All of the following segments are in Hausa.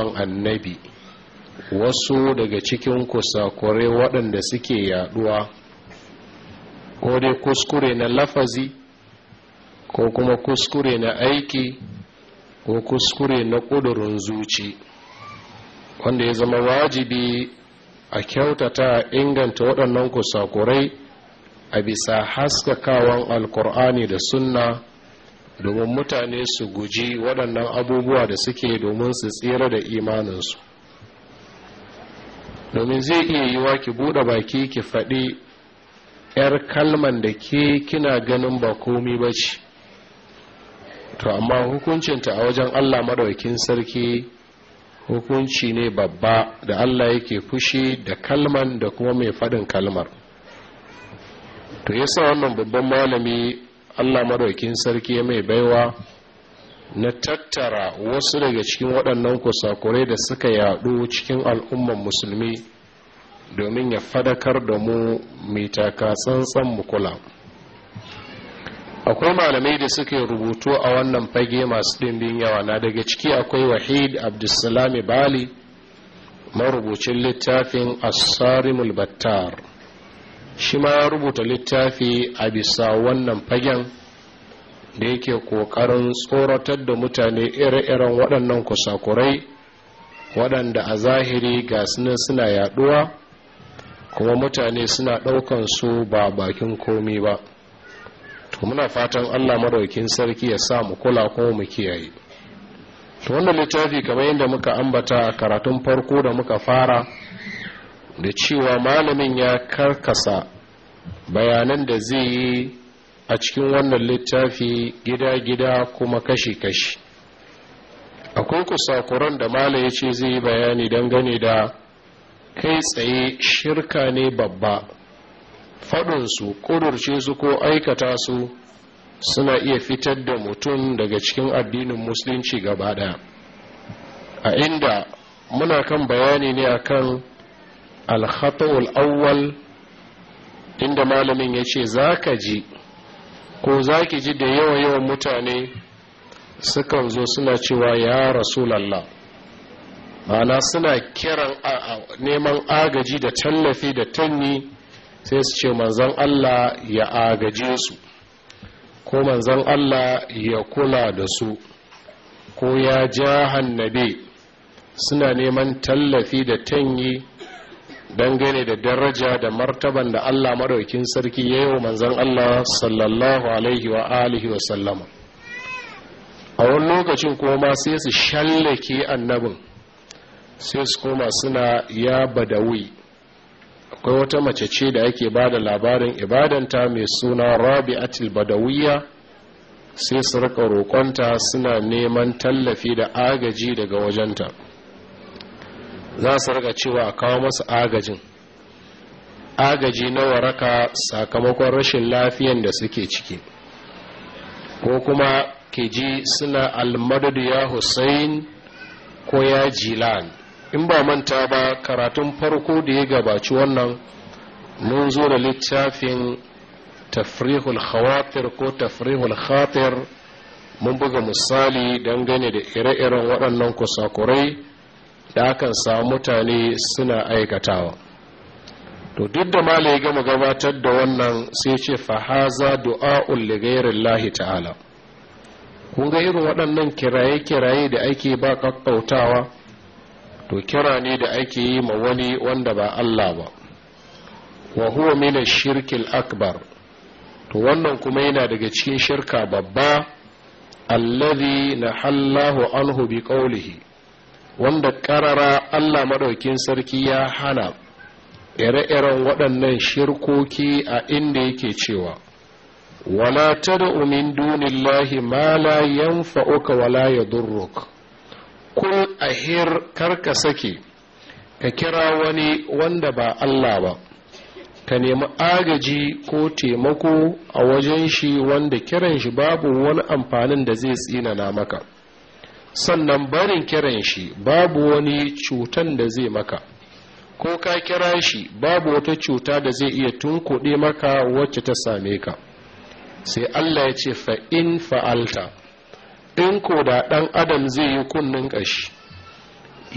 sahabban annabi wasu daga cikin kusakure waɗanda suke yaɗuwa. ko dai kuskure na lafazi ko kuma kuskure na aiki ko kuskure na ƙudurin zuci wanda ya zama wajibi a kyautata inganta waɗannan kusakurai a bisa haskakawan alkur'ani da sunna domin mutane su guji waɗannan abubuwa da suke domin su tsira da imaninsu domin zai iya yiwa ki buɗe baki ki faɗi 'yar kalman da ke kina ganin ba komi ba ce to amma hukuncinta a wajen allah maɗaukin sarki hukunci ne babba da allah yake fushi da kalman da kuma mai faɗin kalmar to yasa wannan babban malami allah madaukin sarki mai baiwa na tattara wasu daga cikin waɗannan kusakurai da suka yaɗu cikin al'umman musulmi domin ya fadakar da mu mai taka tsantsan mukula akwai malamai da suke rubutu a wannan fage masu ɗimbin yawa na daga ciki akwai wahid abdulsalami bali marubucin littafin asarimul battar shi ma ya rubuta littafi a bisa wannan fagen da yake ƙoƙarin tsoratar da mutane ire-iren waɗannan kusakurai waɗanda a zahiri ga sunan suna yaɗuwa kuma mutane suna ɗaukan su ba bakin komi ba to muna fatan allah maɗaukin sarki ya sa mu kula kuma mu kiyaye to wannan littafi kamar yadda muka ambata a karatun farko da muka fara da cewa malamin ya karkasa bayanan da zai yi a cikin wannan littafi gida-gida kuma kashi-kashi akwai kusakuran da mala ya ce zai yi bayani dangane da kai tsaye shirka ne babba faɗinsu ƙudurce su ko aikata su suna iya fitar da mutum daga cikin addinin musulunci gaba ɗaya a inda muna kan bayani ne akan alkhata'ul awwal inda malamin ya ce za ka ji ko za ki ji da yawa-yawan mutane sukan zo suna cewa ya rasulallah mana suna kiran neman agaji da tallafi da tanni sai su ce manzan Allah ya agaje su ko manzan Allah ya kula da su ko ya ja hannabe suna neman tallafi da tanyi dangane da daraja da martaban da Allah maɗaukin sarki ya yi manzon Allah sallallahu alaihi wa alihi wa sallama a wani lokacin kuma sai su shallake annabin sai su koma suna ya badawi akwai wata mace ce da yake ba da labarin ibadanta mai suna rabi'atul Badawiya? sai su rika roƙonta suna neman tallafi da agaji daga wajenta za su raka cewa a kawo masu agajin agaji na waraka sakamakon rashin lafiyan da suke ciki ko kuma ke ji suna almadadu ya hussain ko ya jilan in ba manta ba karatun farko da ya gabaci wannan mun zo da littafin tafrihul khawatir ko tafrihul khatir mun buga misali dangane da ire-iren waɗannan kusakurai ya kan samu mutane suna aikatawa to duk da mala ya gama gabatar da wannan sai ce fahaza du'a'un ligairin lahi ta'ala kun ga irin waɗannan kiraye-kiraye da ake ba kakkautawa to kira ne da ake yi ma wani wanda ba Allah ba wa huwa mina shirkil akbar to wannan kuma yana daga cikin shirka babba allazi na hallahu anhu bi wanda karara Allah maɗaukin sarki ya hana ire-iren waɗannan shirkoki a inda yake cewa wala tad'u min dunillahi ma la yanfa'uka wala durruk. kul ahir karka sake ka kira wani wanda ba Allah ba ka nemi agaji ko taimako a wajen shi wanda kiran shi babu wani amfanin da zai tsinana maka sannan barin kiran shi babu wani cutan da zai maka ko ka kira shi babu wata cuta da zai iya tunkuɗe maka wacce ta same ka sai allah ya ce fa'in fa'alta in ko da ɗan adam zai yi kunnen ƙashi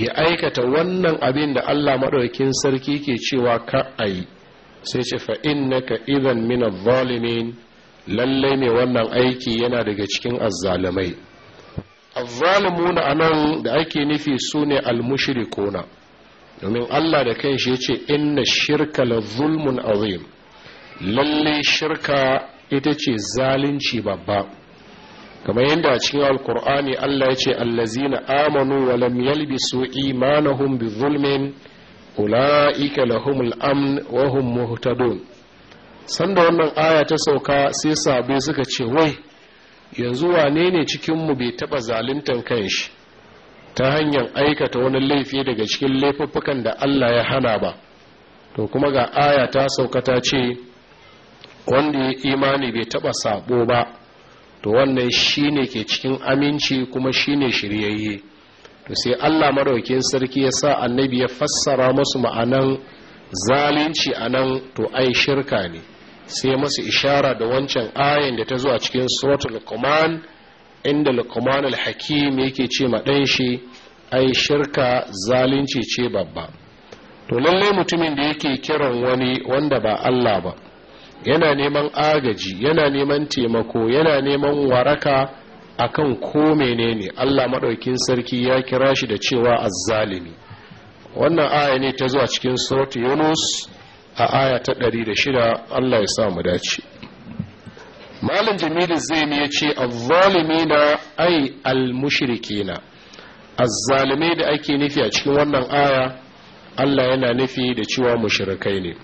ya aikata wannan abin da allah maɗaukin sarki ke cewa ka a yi sai ce fa'in na ka idan mina lallai ne wannan aiki yana daga cikin azzalumai. azzalimuna anan da ake nufi sune almushrikuna domin Allah da kanshi yace inna shirka la zulmun azim lalle shirka ita ce zalunci babba kamar yanda a cikin alkur'ani Allah ya ce allazina amanu wa lam yalbisu imanahum bi zulmin ula'ika lahumul amn wa hum muhtadun sanda wannan aya ta sauka sai sabe suka ce wai yanzu wane ne cikinmu bai taɓa kan shi ta hanyar aikata wani laifi daga cikin laifuffukan da Allah ya hana ba to kuma ga aya ta saukata ce wanda ya imani bai taba sabo ba to wannan shine ke cikin aminci kuma shine shiryayye to sai Allah maraukin sarki ya sa annabi ya fassara musu ma'anan zalunci a nan to ai shirka ne sai masa ishara da wancan ayin da ta zuwa cikin suratul luqman inda luqman al-hakim yake ce ma dan shi ai shirka zalunci ce babba to lalle mutumin da yake kiran wani wanda ba Allah ba yana neman agaji yana neman taimako yana neman waraka akan ko menene Allah madaukin sarki ya kira shi da cewa zalimi wannan aya ne ta zuwa cikin suratul yunus a aya ta ɗari da shida, Allah ya sa mu dace malam jamilu ne ya ce na, ai almushrikina azzalimai da ake nufi a cikin wannan aya Allah yana nufi da cewa mushrikai ne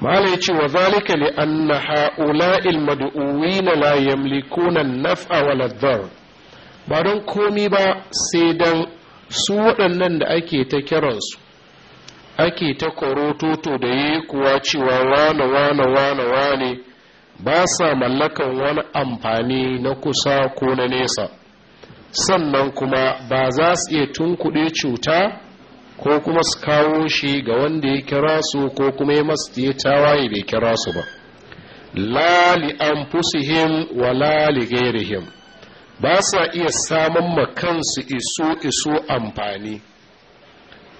malam ya ce wa zalika li anna ha'ula'il mad'uwina la yamlikuna an-naf'a wal ladar. ba don komi ba sai dan su waɗannan da ake ta kiransu ake ta korototo da yi kuwa cewa wane wane wane wane ba sa mallakan wani amfani na kusa ko na nesa sannan kuma ba za su iya tunkuɗe cuta ko kuma su kawo shi ga wanda ya kira su ko kuma ya masu ya tawaye bai kira su ba lali an fusihim wa lali gairihim ba sa iya samun makansu iso iso amfani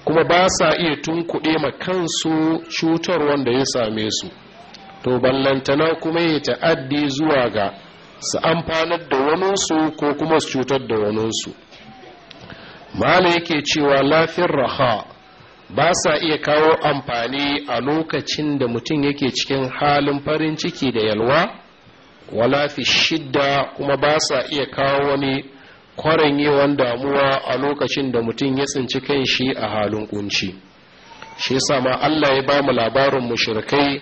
kuma ba sa iya tunkuɗe ma kansu cutar wanda ya same su to ballantana kuma ya ta'addi zuwa ga su amfanar da waninsu ko kuma su cutar da waninsu mala yake cewa lafiyar raha ba sa iya kawo amfani a lokacin da mutum yake cikin halin farin ciki da yalwa wala lafi shidda kuma ba sa iya kawo wani yawan damuwa a lokacin da mutum ya tsinci kan shi a halin kunci shi yasa ma Allah ya ba mu labarin mushrikai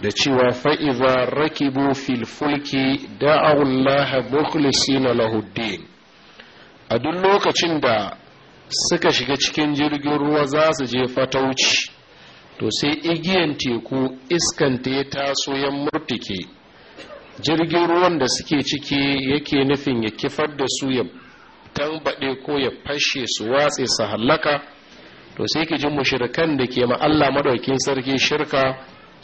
da cewa fa'iza rakibu fil fulki da'u Allah na lahu a duk lokacin da suka shiga cikin jirgin ruwa za su je fatauci to sai igiyan teku iskanta ya taso ya murtuke jirgin ruwan da suke ciki yake nufin ya kifar da su ya tambaɗe ko ya fashe su watse su hallaka to sai ki ji mushrikan da ke ma Allah maɗaukin sarki shirka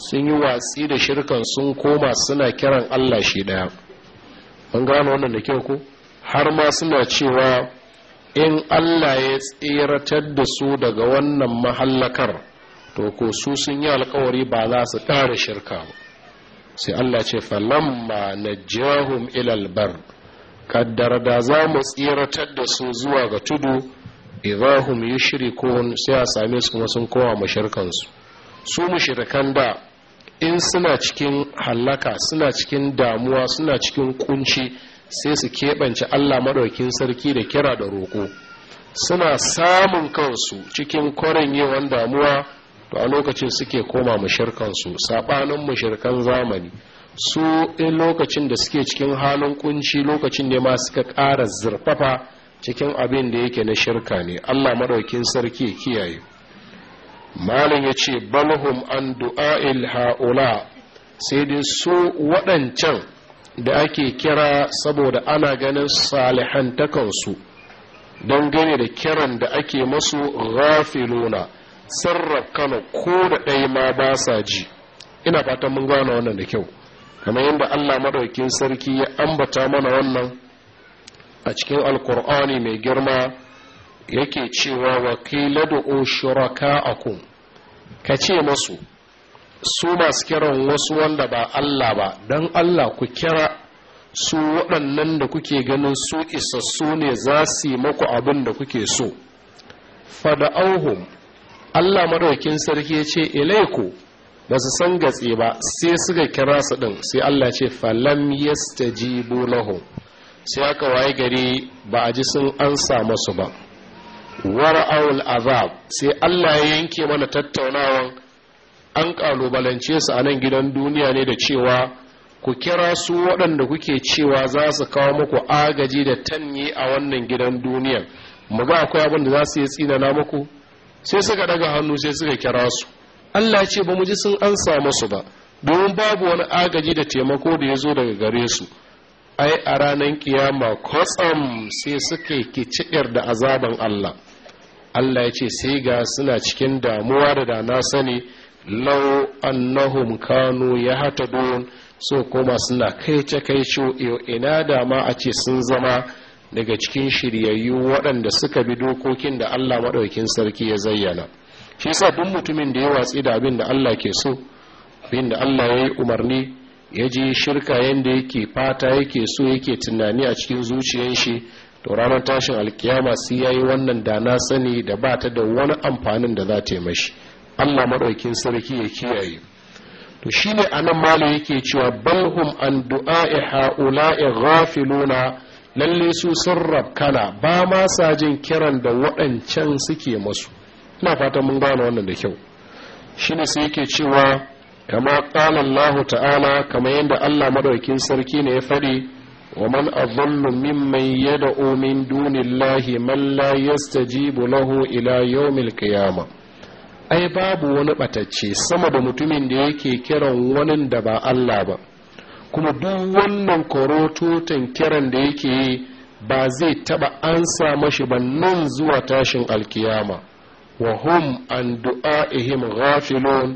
sun yi watsi da shirkan sun koma suna kiran Allah shi ɗaya. an gano wannan da kyau ko har ma suna cewa in Allah ya tseratar da su daga wannan mahallakar to ko su sun yi alkawari ba za su ƙara shirka ba sai Allah ce falamma najjahum ilal bar kaddar da za mu tsiratar da su zuwa ga tudu idahum yushrikun sai a same su kuma sun koma mushrikan su su da in suna cikin halaka suna cikin damuwa suna cikin kunci sai su keɓance Allah maɗaukin sarki da kira da roƙo suna samun kansu cikin kwarin yawan damuwa to a lokacin suke koma mashirkansu saɓanin shirkan zamani su in lokacin da suke cikin halin kunci lokacin ne ma suka ƙara zurfafa cikin abin da yake na shirka ne allah maɗaukin sarki kiyaye malin ya ce balhum an du'a'il ha'ula sai dai su waɗancan da ake kira saboda ana ganin salihantakansu don gane da kiran da ake masu ghafiluna sarraf kano ko da ɗaya ma ba sa ji ina fatan mun gane wannan da kyau kamar yadda allah madaukin sarki ya ambata mana wannan a cikin alkur'ani mai girma yake cewa wakila da shuraka kace ka ce masu su masu kiran wasu wanda ba allah ba don allah ku kira su waɗannan da kuke ganin su isassu ne za su yi maku abin da kuke so fada'auhum Allah madaukin sarki ya ce ilaiku ba su san gatse ba sai suka kira su din sai Allah ce falam yastajibu lahum sai aka waye gari ba a ji sun ansa masu ba war wara'ul azab sai Allah ya yanke mana tattaunawan an kalubalance su a nan gidan duniya ne da cewa ku kira su waɗanda kuke cewa za su kawo muku agaji da tanye a wannan gidan duniya mu ba akwai abin da za su yi tsinana muku sai suka daga hannu sai suka kira su Allah ce ba mu ji sun ansa masu ba domin babu wani agaji da taimako da ya zo daga gare su ai a ranar kiyama kwatsam sai suka kiciɗar da azaban Allah Allah ya ce sai ga suna cikin damuwa da da na sani lau annahum kanu ya hata so kuma suna kai ce kai ina da ma a ce sun zama daga cikin shiryayyu waɗanda suka bi dokokin da Allah maɗaukin sarki ya zayyana shi sa duk mutumin da ya watsi da abin da Allah ke so abin da Allah ya yi umarni ya ji shirka yadda yake fata yake so yake tunani a cikin zuciyar shi to ranar tashin alkiyama sai ya yi wannan da na sani da ba ta da wani amfanin da za ta yi mashi Allah maɗaukin sarki ya kiyaye to shine anan malam yake cewa balhum an du'a'i ha'ula'i ghafiluna lalle su sun rabkana ba ma sa jin kiran da waɗancan suke masu ina fata mun gane wannan da kyau shine sai yake cewa kama qala Allah ta'ala kama yadda Allah madaukin sarki ne ya faɗi wa man mai mimman yad'u min dunillahi man la yastajibu lahu ila yawmil qiyamah ai babu wani ɓatacce sama da mutumin da yake kiran wani da ba Allah ba kuma duk wannan korototon kiran da yake yi ba zai taba ansa mashi ba nan zuwa tashin alkiyama wa hum an ihim ghafilun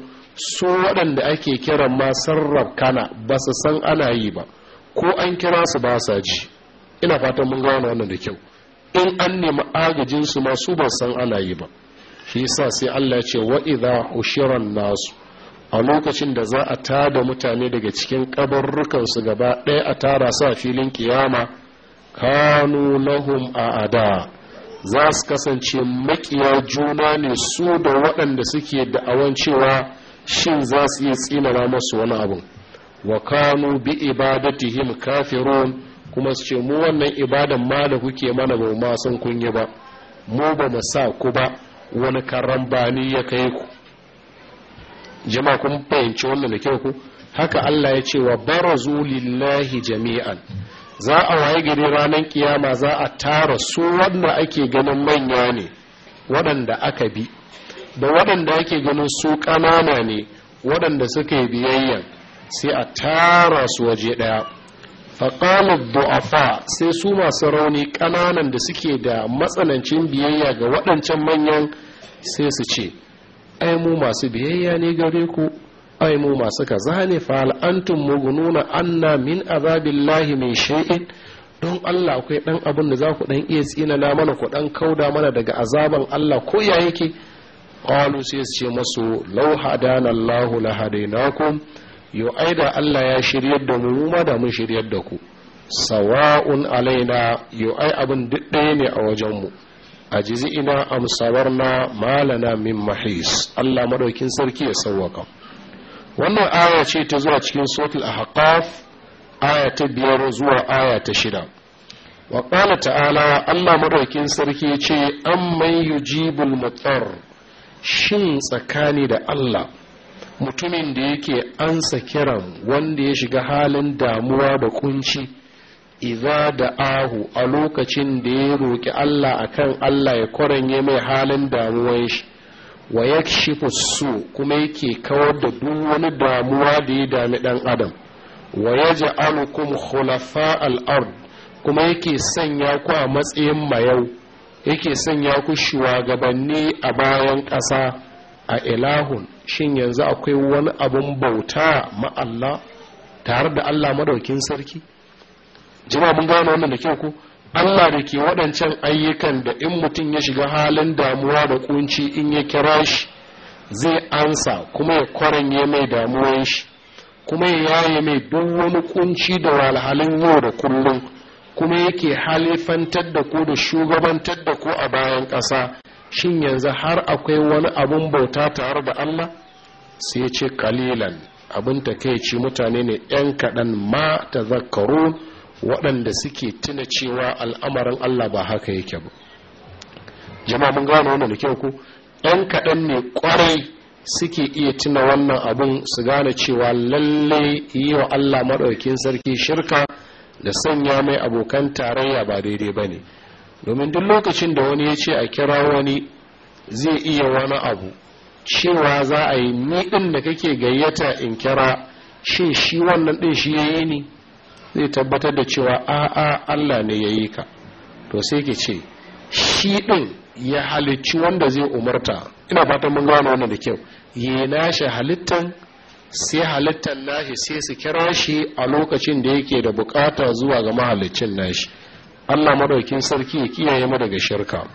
su waɗanda ake kiran ma sarraf kana ba su san ana yi ba ko an kira su ba sa ji ina fatan mun gane wannan da kyau in an nemi agajinsu su ma su ba san ana yi ba shi yasa sai Allah ya ce wa idha ushiran nasu a lokacin da za a tada mutane daga cikin kabarrukansu gaba ɗaya a tara su a filin kiyama kanu lahum a ada za su kasance makiya juna ne su da waɗanda suke awan cewa shin za su yi tsinana masu wani abu wa kanu bi ibadatihim kafirun kuma su ce mu wannan ibadan ma da kuke mana ba ma san kunye ba mu ba mu sa ku ba wani karambani ya kai ku jama'a kun fahimci wannan da kyau ku haka Allah ya ce wa barazu lillahi jami'an za a waye gari ranar kiyama za a tara su wanda ake ganin manya ne waɗanda aka bi da waɗanda ake ganin su ƙanana ne waɗanda suka yi biyayya sai a tara su waje ɗaya faƙalar du'afa sai su masu rauni ƙananan da suke da matsanancin biyayya ga waɗancan manyan sai su ce ai mu masu biyayya ne gare ku ai mu masu kaza ne fa antum mughnuna anna min azabillahi min shay'in don Allah akwai dan abun da za ku dan iya tsinana mana ku dan kauda mana daga azaban Allah ko ya yake qalu sai su ce masu law hadana Allahu la hadainakum yo aida Allah ya shiryar da mu ma da mun shiryar da ku sawa'un alaina yo ai abin duk ɗaya ne a wajen mu ajizina am na malana min mahis Allah madaukin sarki ya sauwaka wannan aya ce ta zuwa cikin suratul ahqaf aya ta biyar zuwa aya ta shida wa ta'ala Allah madaukin sarki ya ce amman yujibul mutar shin tsakani da Allah mutumin da yake ansa kiran wanda ya shiga halin damuwa da kunci iza da ahu a lokacin da ya roƙi Allah a kan Allah ya kwaranye mai halin damuwan shi wa ya su kuma yake kawar da duk wani damuwa da ya dami ɗan adam wa ya ja'alukum khulafa al'ard kuma yake sanya ku a matsayin mayau yake sanya ku shugabanni a bayan ƙasa a ilahun shin yanzu akwai wani abun bauta ma'alla tare da Allah madaukin sarki jama'a mun gane wannan da kyau ko Allah da ke waɗancan ayyukan da in mutum ya shiga halin damuwa da kunci in ya kira shi zai ansa kuma ya kwaranye mai damuwan shi kuma ya yaye mai duk wani kunci da walhalin yau da kullum kuma yake halifantar da ko da shugabantar da ku a bayan ƙasa shin yanzu har akwai wani abun bauta tare da Allah sai ce kalilan abin takeici mutane ne 'yan kaɗan ma ta zakaru waɗanda suke tuna cewa al'amarin Allah ba haka yake ba jama'a mun gano wannan da kyau ko ɗan kaɗan ne ƙwarai suke iya tuna wannan abun su gane cewa lalle yi wa Allah maɗaukin sarki shirka da sanya mai abokan tarayya ba daidai ba ne domin duk lokacin da wani ya ce a kira wani zai iya wani abu cewa za a yi ni da kake gayyata in kira shin shi wannan ɗin shi ya yi ne zai tabbatar da cewa a'a Allah ne ya yi ka to sai ke ce shi ɗin ya halicci wanda zai umarta ina fatan mun gano wannan da kyau yi nashi halittan sai halittan nashi sai su kira shi a lokacin da yake da bukata zuwa ga mahalicin nashi Allah maɗaukin sarki ya kiyaye mu daga shirka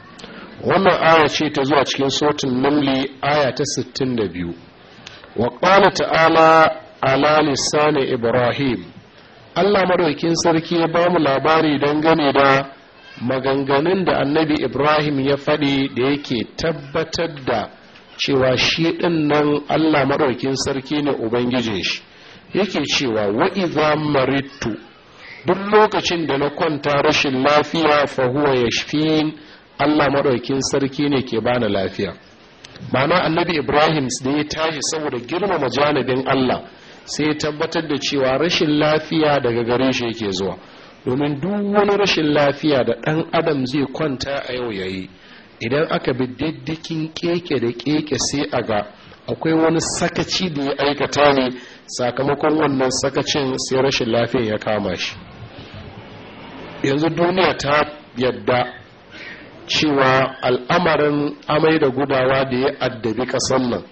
wannan aya ce ta zuwa cikin sotin namli aya ta 62 wa qala ta'ala ala lisani ibrahim Allah madaukin sarki ya ba mu labari gane da maganganun da annabi Ibrahim ya faɗi da yake tabbatar da cewa shi ɗin nan Allah madaukin sarki ne Ubangijin shi yake cewa wa'iza maritu duk lokacin da na kwanta rashin lafiya fahuwa ya Allah madaukin sarki ne ke bani lafiya ma'ana annabi Ibrahim da ya tashi saboda girmama janibin Allah sai tabbatar da cewa rashin lafiya daga gare shi yake zuwa domin duk wani rashin lafiya da ɗan adam zai kwanta a yau yayi idan aka bi diddikin keke da keke sai a ga akwai wani sakaci da ya aikata ne sakamakon wannan sakacin sai rashin lafiya ya kama shi yanzu duniya ta yadda cewa al'amarin amai da gudawa da ya addabi ƙasar nan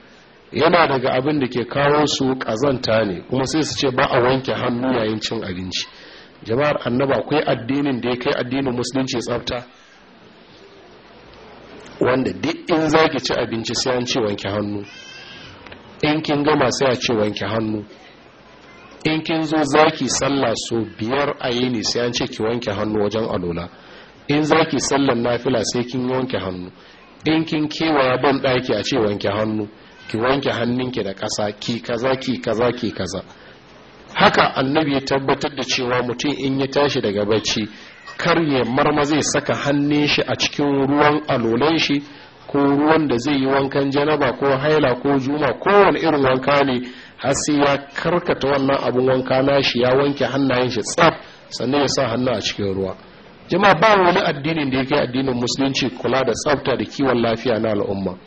yana daga abin da ke kawo su kazanta ne kuma sai su ce ba a wanke hannu yayin cin abinci jama'ar annaba akwai addinin da ya kai addinin musulunci tsafta wanda duk in za ki ci abinci sai an ce wanke hannu in kin gama sai a ce wanke hannu in kin zo za ki sallah so biyar a yi ne sai an ce ki wanke hannu wajen alola in za ki sallan nafila sai kin wanke hannu in kin kewaya ban ɗaki a ce wanke hannu ki wanke hannunki da ƙasa ki kaza ki kaza ki kaza haka annabi ya tabbatar da cewa mutum in ya tashi daga bacci kar ya marma zai saka hannun shi a cikin ruwan alolan shi ko ruwan da zai yi wankan janaba ko haila ko juma Wani irin wanka ne har sai ya karkata wannan abun wanka na shi ya wanke hannayen shi tsaf sannan ya sa hannu a cikin ruwa jama'a ba wani addinin da yake addinin musulunci kula da tsafta da kiwon lafiya na al'umma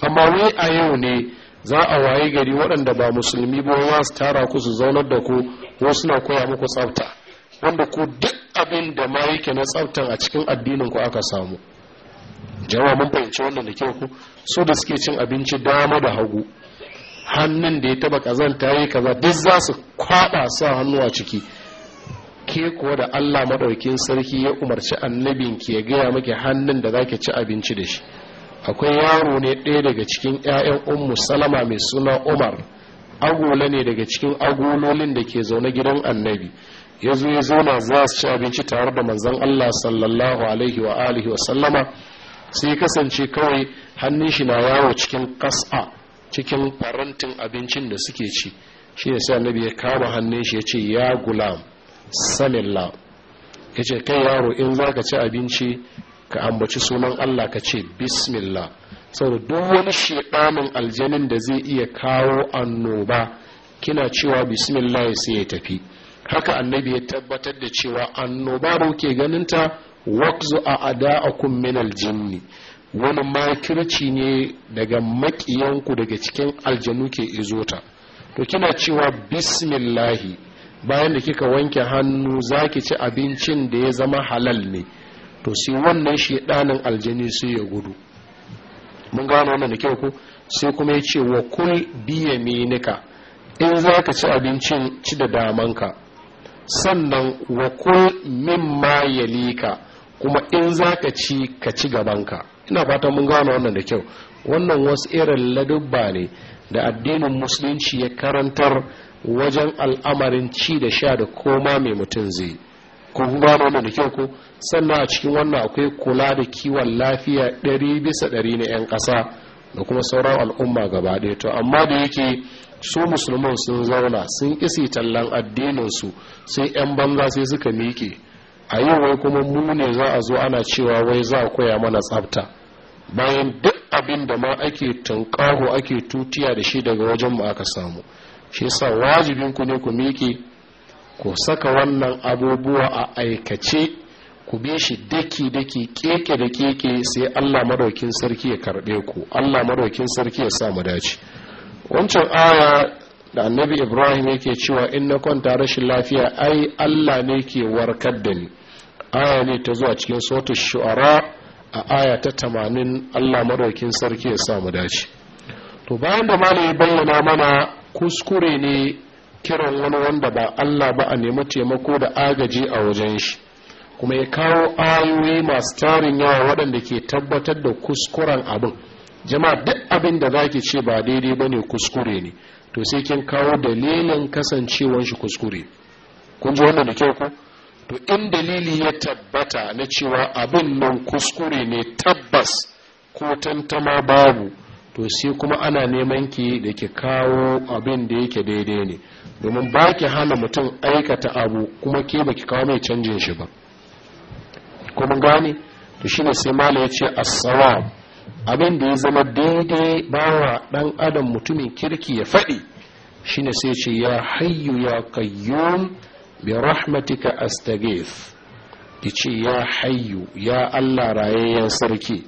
amma wai a yau ne za a waye gari waɗanda ba musulmi ba wa su tara ku su zaunar da ku ko suna koya muku tsafta wanda ku duk abin da ma yake na tsaftan a cikin addinin ku aka samu jama'a mun fahimci wannan da kyau ku so da suke cin abinci dama da hagu hannun da ya taba kazanta yi kaza duk za su kwaba sa hannu a ciki ke kuwa da Allah madaukin sarki ya umarci annabin ki ya gaya maki hannun da zaki ci abinci da shi akwai yaro ne ɗaya daga cikin 'ya'yan ummu salama mai suna umar agula ne daga cikin agololin da ke zaune gidan annabi ya zo ya na za su ci abinci tare da manzan allah sallallahu alaihi wa alihi wa sallama sai ya kasance kawai hannun shi na yawo cikin kasa cikin farantin abincin da suke ci shi ne sai annabi ya kama hannun shi ya ce ya gulam la. ya ce kai yaro in za ka ci abinci ka ambaci sunan Allah ka ce bismillah saboda duk wani shekamin aljanin da zai iya kawo annoba kina cewa bismillah sai ya tafi haka annabi ya tabbatar da cewa annoba ba ke ganinta waqzu a ada'akum min aljinni wani makirci ne daga makiyanku daga cikin aljanu ke izo ta to kina cewa bismillahi bayan da kika wanke hannu zaki ci abincin da ya zama halal ne to sai wannan ɗanin aljani sai ya gudu mun gano wannan da kyau ko sai kuma ya ce wa kul biya minika in za ka ci abincin ci da daman ka sannan wa kul mimma yalika kuma in za ka ci ka ci gaban ka ina fatan mun gano wannan da kyau wannan wasu irin ladubba ne da addinin musulunci ya karantar wajen al'amarin ci da sha da koma mai mutum zai ko kun gano da kyau ko sannan a cikin wannan akwai kula da kiwon lafiya ɗari bisa ɗari na 'yan ƙasa da kuma sauran al'umma gaba ɗaya to amma da yake su musulman sun zauna sun isi tallan addininsu sun 'yan banza sai suka miƙe a yau wai kuma mu ne za a zo ana cewa wai za a koya mana tsabta bayan duk abin da ma ake tunƙaho ake tutiya da shi daga wajen mu aka samu shi yasa wajibin ku ne ku miƙe ku saka wannan abubuwa a aikace ku bi shi daki-daki keke da keke sai allah madaukin sarki ya karbe ku allah maraukin sarki ya sa mu dace wancan aya da annabi ibrahim yake cewa in na kwanta rashin lafiya ai allah ne ke warkar da ni aya ne ta zuwa cikin sautin shu'ara a aya ta tamanin allah maraukin sarki ya sa mu dace to bayan da malami bayyana mana kuskure ne kiran wani wanda ba Allah ba a nemi taimako da agaji a wajen shi kuma ya kawo ayoyi masu tarin yawa waɗanda ke tabbatar da kuskuren abin jama'a duk abin da zaki ce ba daidai ba ne kuskure ne to sai kin kawo dalilin kasancewan shi kuskure kun ji wannan da kyau ko to in dalili ya tabbata na cewa abin nan kuskure ne tabbas ko tantama babu to sai kuma ana neman ki da ki kawo abin da yake daidai ne domin ba ki hana mutum aikata abu kuma ke ba ki kawo mai canjin shi ba kuma gane to shine sai mala ya ce assawa abin da ya zama daidai bawa dan adam mutumin kirki ya faɗi shine sai ce ya hayyu ya qayyum bi rahmatika ki ce ya hayyu ya Allah rayayyen sarki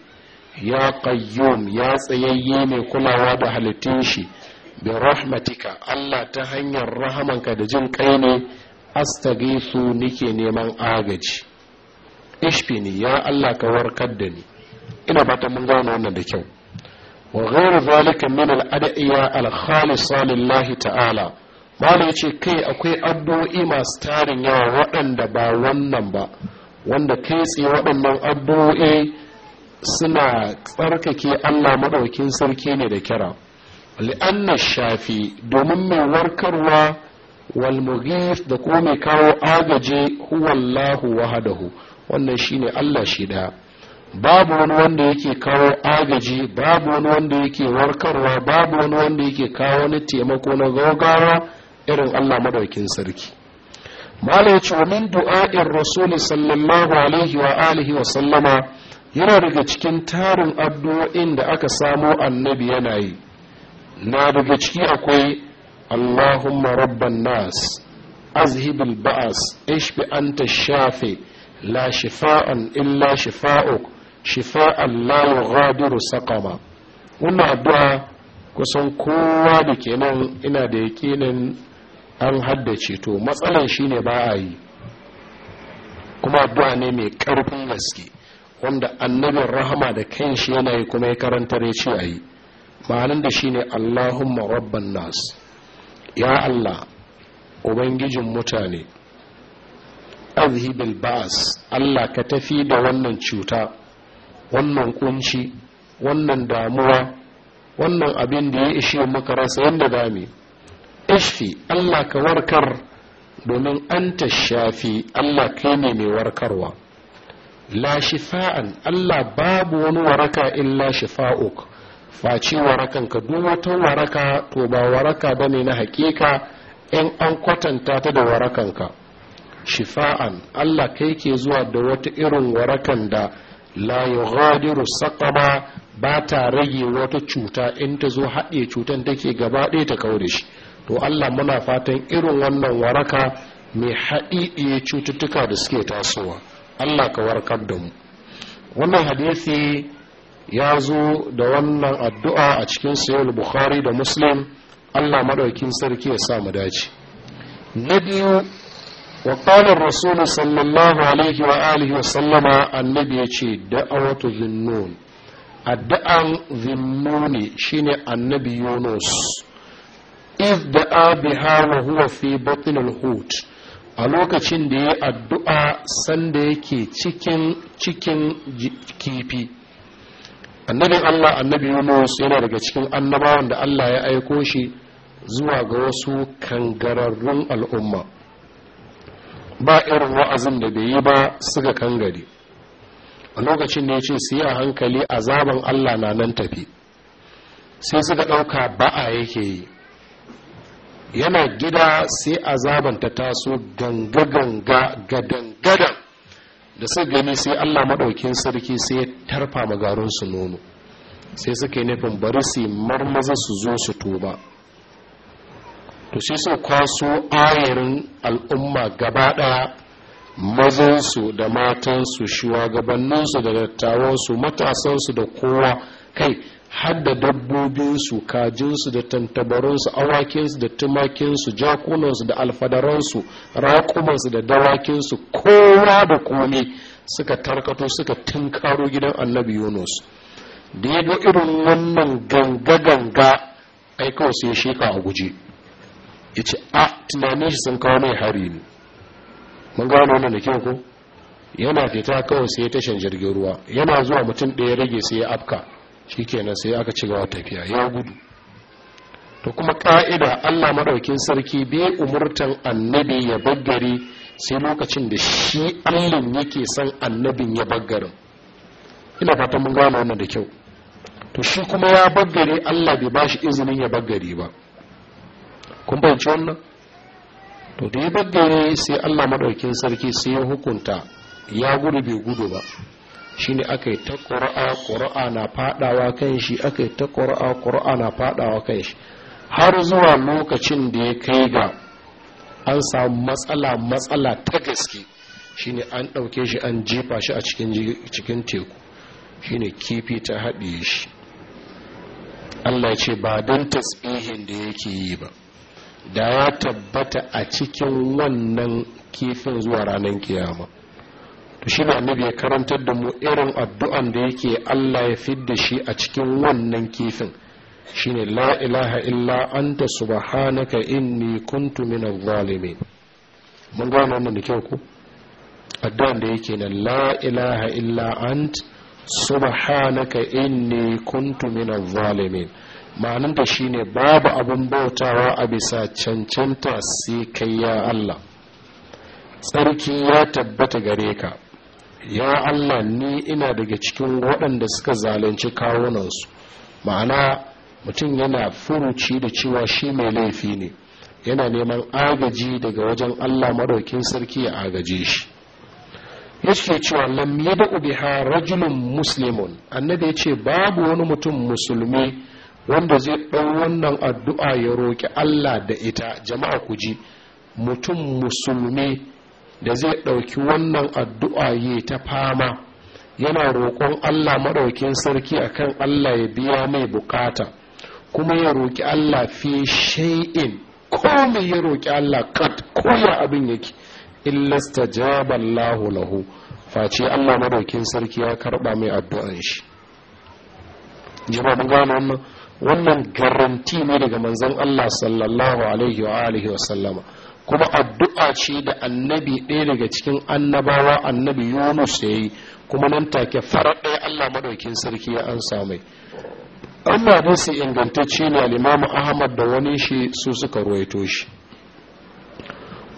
ya kayyum ya tsayayye mai kulawa da halittun shi bi rahmatika Allah ta hanyar rahamanka da jin kai ne astagisu nike neman agaji ishfini ya Allah ka warkar da ni ina fatan mun gano wannan da kyau wa ghairu zalika min al-ad'iya al-khalisa lillahi ta'ala malam yace kai akwai addu'o'i masu tarin yawa waɗanda ba wannan ba wanda kai tsaye waɗannan addu'o'i suna tsarkake Allah madaukin sarki ne da kira li'anna shafi domin mai warkarwa wal da kuma mai kawo agaje huwallahu wahadahu wannan shine Allah shi babu wani wanda yake kawo agaji babu wani wanda yake warkarwa babu wani wanda yake kawo wani taimako na gaugawa irin Allah madaukin sarki mala ya ce wa min du'a'in rasuli sallallahu alaihi wa alihi wa sallama yana daga cikin tarin addu'o'in da aka samo annabi yana yi na daga ciki akwai allahumma rabban nas azhibil ba'as ishbi anta shafi la shifa'an illa shifa'uk shifa'an la yughadiru saqama wannan addu'a kusan kowa da kenan ina da yakinin an haddace to matsalan shine ba a yi kuma addu'a ne mai karfin gaske wanda annabin rahama da kanshi yana yi kuma ya karantar ya ce a yi ma'anin da shine Allahumma rabban nas ya Allah ubangijin mutane azhibil ba'as Allah ka tafi da wannan cuta wannan kunci wannan damuwa wannan abin da ya ishe maka rasa yadda dami ishfi Allah ka warkar domin an ta shafi Allah kai ne mai warkarwa la shifa'an Allah babu wani waraka illa shifa'uk face warakan ka duk wata waraka to ba waraka ba ne na hakika in an kwatanta ta da warakan ka shifa'an allah kai ke zuwa da wata irin warakan da la yughadiru saqaba ba ta rage wata cuta in ta zo haɗe cutan take gaba ɗaya ta kaure shi to allah muna fatan irin wannan waraka mai haɗiɗiye cututtuka da suke tasowa allah ka warkar da mu wannan hadisi ya zo da wannan addu’a a cikin sayar bukhari da muslim allah maɗaukin sarki ya samu dace na biyu wa ƙanar rasulu sallallahu alaihi wa alihi wa sallama annabi ya ce da'awatu zinnun addu’an zinnuni shine annabi yunus if da'a biha wa huwa fi batin hut a lokacin da ya addu’a sanda yake cikin cikin kifi annabin allah annabi yunus yana daga cikin annabawan da allah ya aiko shi zuwa ga wasu kangararrun al'umma ba irin wa'azin da bai yi ba suka kangare a lokacin da ya ce su yi a hankali azaban allah na nan tafi sai suka ɗauka ba'a yake yi yana gida sai azaban ta taso ganga-ganga gadan-gadan da su gani sai allah maɗaukin sarki sai ya tarfa su nono sai suka yi nufin bari su marmaza su zo su tuba to sai su kwaso ayarin al'umma gaba ɗaya mazansu da matansu shugabanninsu da dattawansu matasansu da kowa kai hadda dabbobinsu kajinsu da tantabarunsu awakinsu da tumakinsu jakunansu da alfadaransu raƙumansu da dawakinsu kowa da komi suka tarkato suka tunkaro gidan annabi yunus da ya irin wannan ganga-ganga ai sai sheka a guje ya ce a tunanin shi sun kawo mai hari ne mun gano wannan da kyau ko yana fita kawai sai ya tashan jirgin ruwa yana zuwa mutum ɗaya rage sai ya afka shi kenan sai aka ci gaba tafiya ya gudu to kuma ka'ida allah maɗaukin sarki bai umurtan annabi ya baggare sai lokacin da shi allin yake son annabin ya baggara ina fatan mun gano wannan da kyau to shi kuma ya baggare allah bai ba izinin ya baggare ba kun fahimci wannan to da ya baggare sai allah maɗaukin sarki sai ya hukunta ya gudu bai gudu ba shine aka yi ta ƙura'a ƙura'a na faɗawa kan shi aka yi ta ƙura'a ƙura'a na faɗawa kan shi har zuwa lokacin da ya kai ga an samu matsala matsala ta gaske shine an ɗauke shi an jefa shi a cikin teku shine kifi ta haɗiye shi allah ce ba don tasbihin da yake yi ba da ya tabbata a cikin wannan kifin zuwa ranar kiyama to shi annabi ya karantar da mu irin addu'an da yake Allah ya da shi a cikin wannan kifin shine la ilaha illa anta subhanaka inni kuntu minadh zalimin mun gano wannan da kyau ku addu'an da yake na la ilaha illa ant subhanaka inni kuntu Ma'anin zalimin ma'ananta shine babu abin bautawa a bisa cancanta sai kai ya Allah tsarki ya tabbata gare ka ya Allah ni ina daga cikin waɗanda suka zalunci kawunansu ma'ana mutum yana furuci da cewa shi mai laifi ne yana neman agaji daga wajen Allah maɗaukin sarki ya agaje shi Ya ce cewa lam ubi ha rajulun muslimun annabi ce babu wani mutum musulmi wanda zai ɗau wannan addu'a ya roƙi Allah da ita jama'a ku ji mutum musulmi da zai ɗauki wannan addu'a ya ta fama yana roƙon allah maɗaukin sarki akan allah ya biya mai bukata kuma ya roƙi allah fi shay'in ko mai ya roƙi allah kat ko ya abin yake illasta jaballahu lahu face allah maɗaukin sarki ya karɓa mai addu'an shi jima gano wannan wannan garanti ne daga manzon allah sallallahu alaihi wa alihi wa sallama kuma addu'a ce da annabi ɗaya daga cikin annabawa annabi yunus ya yi kuma nan take farar ɗaya allah maɗaukin sarki ya an mai. amma dai su ingantacce ne limamu ahmad da wani shi su suka ruwaito shi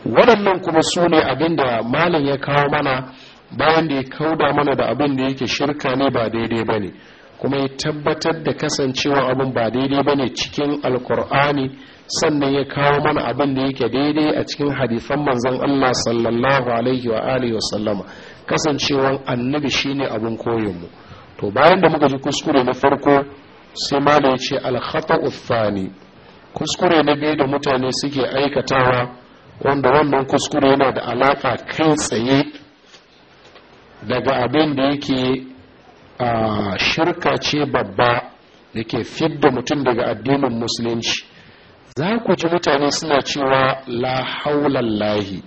waɗannan kuma su ne abin da malam ya kawo mana bayan da ya kauda mana da abin da yake shirka ne ba daidai ba ne kuma ya tabbatar da kasancewa abin ba daidai bane cikin alkur'ani sannan ya kawo mana abin da yake daidai a cikin hadisan manzon Allah sallallahu alaihi wa alihi wa sallama kasancewan annabi shine abin koyon mu to bayan da muka ji kuskure na farko sai malai ce al-khata'u thani kuskure na biyu da mutane suke aikatawa wanda wannan kuskure yana da alaka kai tsaye daga abin da yake a shirka ce babba da ke fidda mutum daga addinin musulunci za ku ji mutane suna cewa la haulallahi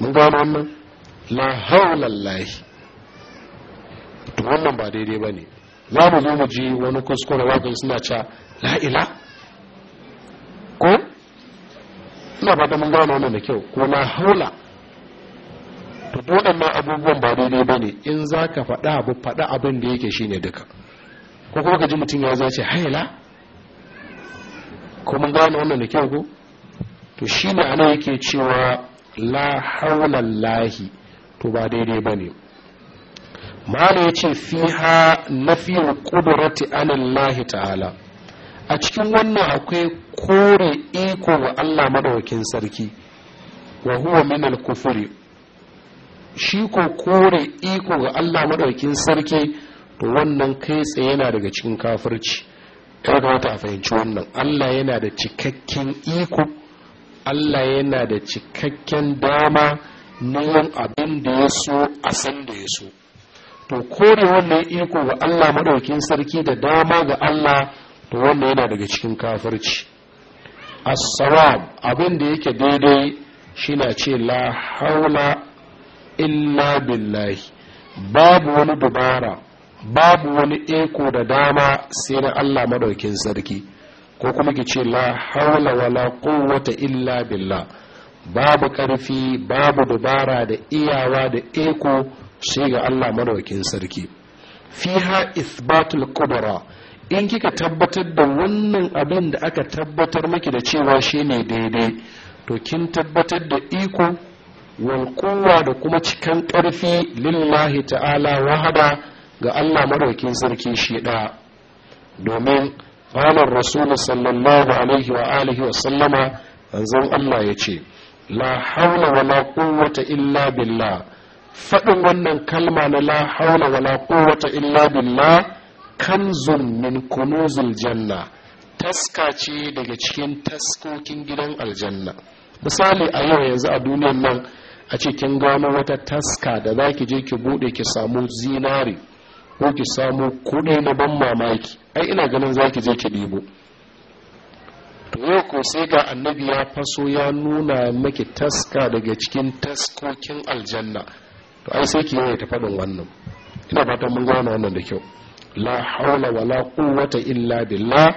mun gano wannan la haulallahi to wannan ba daidai ba ne za mu zo mu ji wani kuskure wakil suna cewa la ko ina ba ta mun gano wannan da kyau ko la haula to dole ma abubuwan ba daidai ba ne in za ka faɗa abu faɗa abin da yake shine duka ko kuma ka ji mutum ya zace haila ko mun gane wannan da kyau ko to shi ne ana yake cewa la haula lahi to ba daidai ba ne mala ya ce fiha nafiyar kudurati anillahi ta'ala a cikin wannan akwai kore iko wa allah madawakin sarki wa huwa min kufuri shi ko kore iko ga Allah madaukin sarki to wannan kai tsaye yana daga cikin kafirci kai ga wata fahimci wannan Allah yana da cikakken iko Allah yana da cikakken dama na yin abin da ya so a san da ya so to kore wannan iko ga Allah madaukin sarki da dama ga Allah to wannan yana daga cikin kafirci as-sawab abin da yake daidai shi na ce la haula illa billahi babu wani dubara babu wani eko da dama sai na Allah madaukin sarki ko kuma ki ce la haula wala quwwata illa billah babu karfi babu dubara da iyawa da eko sai ga Allah madaukin sarki fiha isbatul kubra in kika tabbatar da wannan abin da aka tabbatar maki da cewa shine daidai to kin tabbatar da iko walƙuwa da kuma cikan ƙarfi lillahi ta'ala wahada ga allah maɗaukin sarki shi ɗaya domin ranar rasulun sallallahu alaihi wa alihi wa sallama zan allah ya ce la haula wa la quwwata illa billah faɗin wannan kalma na la haula wa la quwwata illa billah kanzun min kunuzul janna taska ce daga cikin taskokin gidan aljanna misali a yau yanzu a duniyar nan a cikin kin gano wata taska da za ki je ki bude ki samu zinari ko ki samu kuɗi na ban mamaki ai ina ganin za ki je ki ɗibo to yau ko sai ga annabi ya faso ya nuna maki taska daga cikin taskokin aljanna to ai sai ki yi ta faɗin wannan ina fatan mun gano wannan da kyau la haula wala quwwata illa billah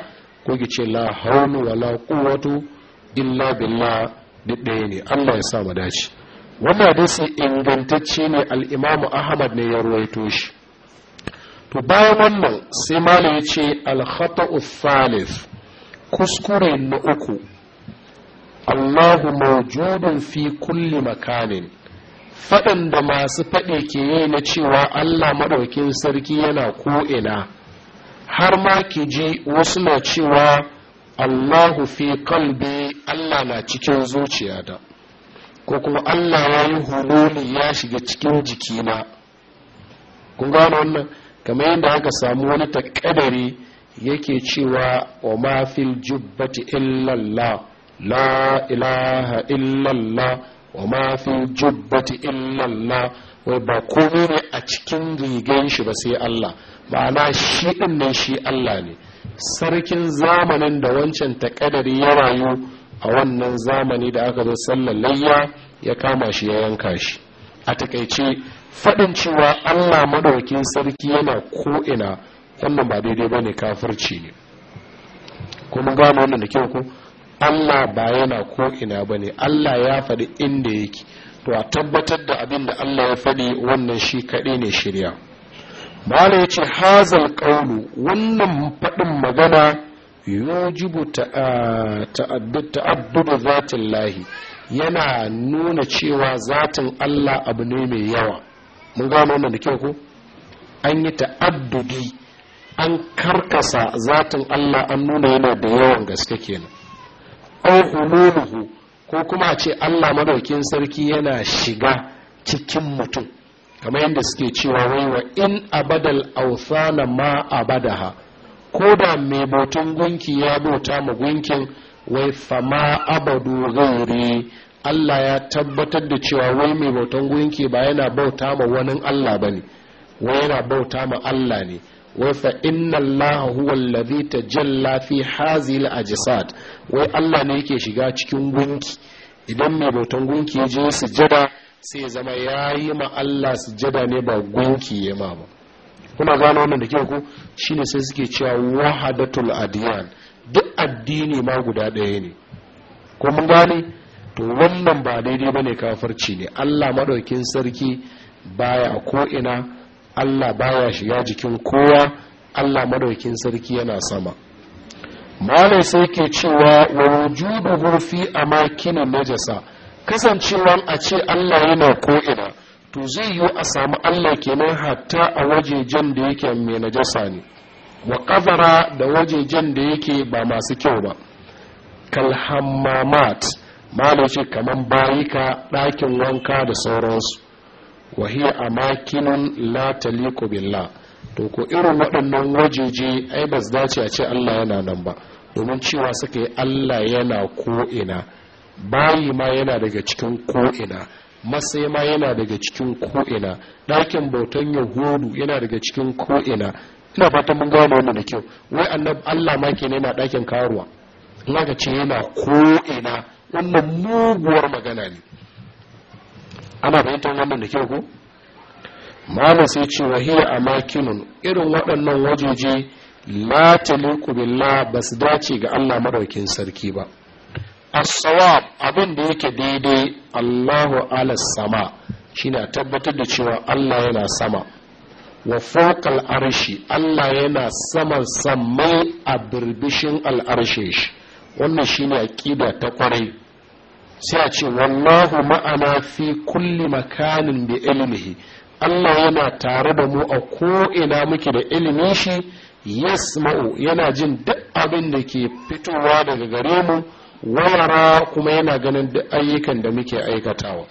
ko ki ce la haula wala quwwatu illa billah duk ɗaya ne Allah ya sa mu dace wannan sai ingantacce ne al'imamu ahmad ne ya ruwaito shi to bayan wannan sai mala ya ce alhata thalith kuskure na uku allahu maujudin fi kulli makanin faɗin da masu faɗe ke yi na cewa allah maɗaukin sarki yana ko'ina har ma ki ji wasu na cewa allahu fi kalbi allah na cikin zuciyata ko kuma Allah ya yi hululi ya shiga cikin jikina kun gano wannan kamar yadda aka samu wani takadari yake cewa wa ma fil jubbati illallah la ilaha illallah wa ma fil jubbati illallah wai ba komai ne a cikin rigan shi ba sai Allah ma'ana shi din nan shi Allah ne sarkin zamanin da wancan takadari ya rayu a wannan zamani da aka zo sallar layya ya kama shi ya yanka shi a takaice faɗin cewa allah maɗaukin sarki yana ko'ina wannan ba daidai ba ne kafirci ne kuma gano wannan da kyau ku allah ba yana ko'ina ba ne allah ya faɗi inda yake to a tabbatar da abin da allah ya faɗi wannan shi kaɗai ne shirya mala ya ce hazal ƙaunu wannan faɗin magana yujibu ta'addud ta'addud yana nuna cewa zatin Allah abu ne mai yawa mun gano wannan da kyau ko an yi ta'addudi an karkasa zatin Allah an nuna yana da yawan gaske kenan au hululuhu ko kuma ce Allah madaukin sarki yana shiga cikin mutum kamar yadda suke cewa wai wa in abadal ausana ma abadaha ko da mai bautan gunki ya bauta ma gunkin wai fama abadu gairi Allah ya tabbatar da cewa wai mai bautan gunki ba yana bauta ma wani Allah ba ne wai yana bauta ma Allah ne wai fa inna Allah huwa allazi tajalla fi hazil ajsad wai Allah ne yake shiga cikin gunki idan mai bautan gunki ya je sujada sai zama yayi ma Allah sujada ne ba gunki ya ma ba kuna gano wannan da kyau ko shine sai suke cewa wahadatul adiyan duk addini ma guda ɗaya ne ko mun gane to wannan ba daidai bane kafarci ne Allah madaukin sarki baya ko ina Allah baya shiga jikin kowa Allah madaukin sarki yana sama malai sai ke cewa wa wujuduhu fi amakin najasa kasancewan a ce Allah yana ko ina to zai yi a samu allah kenan hatta a wajejen da yake mai najasa ne wa kazara da wajejen da yake ba masu kyau ba kalhammamat malaci ce kaman bayika ɗakin wanka da sauransu wahiyar amakinun la latali billah to ko irin waɗannan wajeje ai ba su dace a ce allah yana nan ba domin cewa suka yi allah yana ko'ina bayi ma yana daga cikin ko'ina masai yana daga cikin ko'ina ɗakin bautan yahudu yana daga cikin ko'ina ina fata mun gane wannan da kyau wai annab allah ma kenan yana ɗakin karuwa ina ga ce yana ko'ina wannan muguwar magana ne ana bayyantar wannan da kyau ko malam sai ce wa hiya amakinun irin waɗannan wajeje la taliqu billah basu dace ga Allah madaukin sarki ba as-sawab abin da yake daidai Allahu ala sama shine a tabbatar da cewa Allah yana sama wa fawqal arshi Allah yana saman samai a birbishin al'arshe shi wannan shine ƙida ta kwarai sai a ce wallahu ma'ana fi kulli makanin bi ilmihi Allah yana tare da mu a ko ina muke da ilimi shi yasma'u yana jin duk abin da ke fitowa daga gare mu wayara kuma yana ganin duk ayyukan da muke aikatawa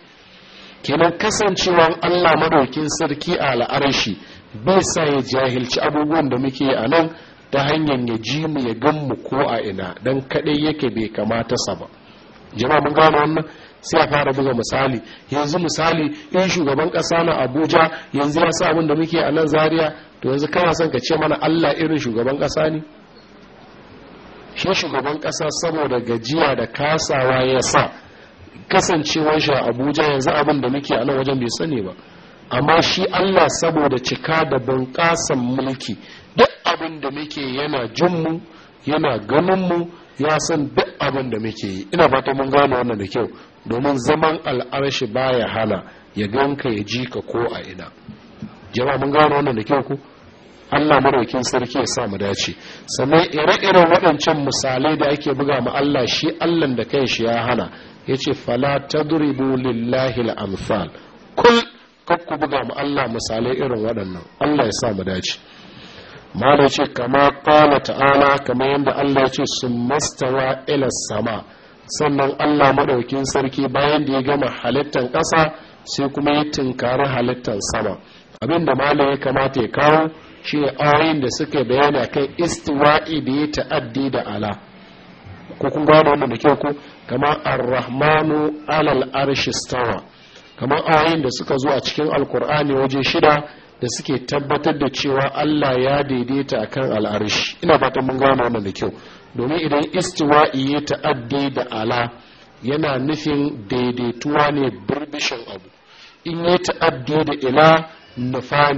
kenan kasancewan allah madaukin sarki a al'arashi bai sa ya jahilci abubuwan da muke a nan ta hanyar ya ji mu ya gan mu ko a ina don kaɗai yake bai kamata sa ba jama'a mun gano wannan sai a fara buga misali yanzu misali in shugaban ƙasa na abuja yanzu ya sa abin da muke a nan zaria to yanzu kana son ka ce mana allah irin shugaban ƙasa ne shi shugaban kasa saboda gajiya da kasawa ya sa kasancewar shi a abuja yanzu abin da muke a wajen bai sani ba amma shi allah saboda cika da bunƙasan mulki duk abin da muke yana jinmu yana ganinmu ya san duk abin da muke yi ina fata mun gane wannan da kyau domin zaman al'arshi baya hana ya ganka ya ji ka ko a ina jama'a mun gane wannan da kyau ku Allah madaukin sarki ya sa mu dace sannan ire-iren waɗancan misalai da ake buga mu Allah shi Allah da kai shi ya hana yace fala tadribu lillahi al-amsal kul kakku buga mu Allah misalai irin waɗannan Allah ya sa mu dace malai ce kama kala ta'ala kama yadda Allah ya ce sun mastawa ila sama sannan Allah maɗaukin sarki bayan da ya gama halittar ƙasa sai kuma ya tunkari halittar sama abinda malai ya kamata ya kawo shi ne ayoyin da suka bayyana kan istiwa'i da ya ta'addi da ala ko kun gano wannan da kyau ko kamar ar-rahmanu alal arshi stawa kamar ayoyin da suka zo a cikin alkur'ani waje shida da suke tabbatar da cewa Allah ya daidaita akan al'arshi ina fatan mun gano wannan da kyau domin idan istiwa'i ya ta'addi da ala yana nufin daidaituwa ne birbishin abu in ya ta'addi da ila nufa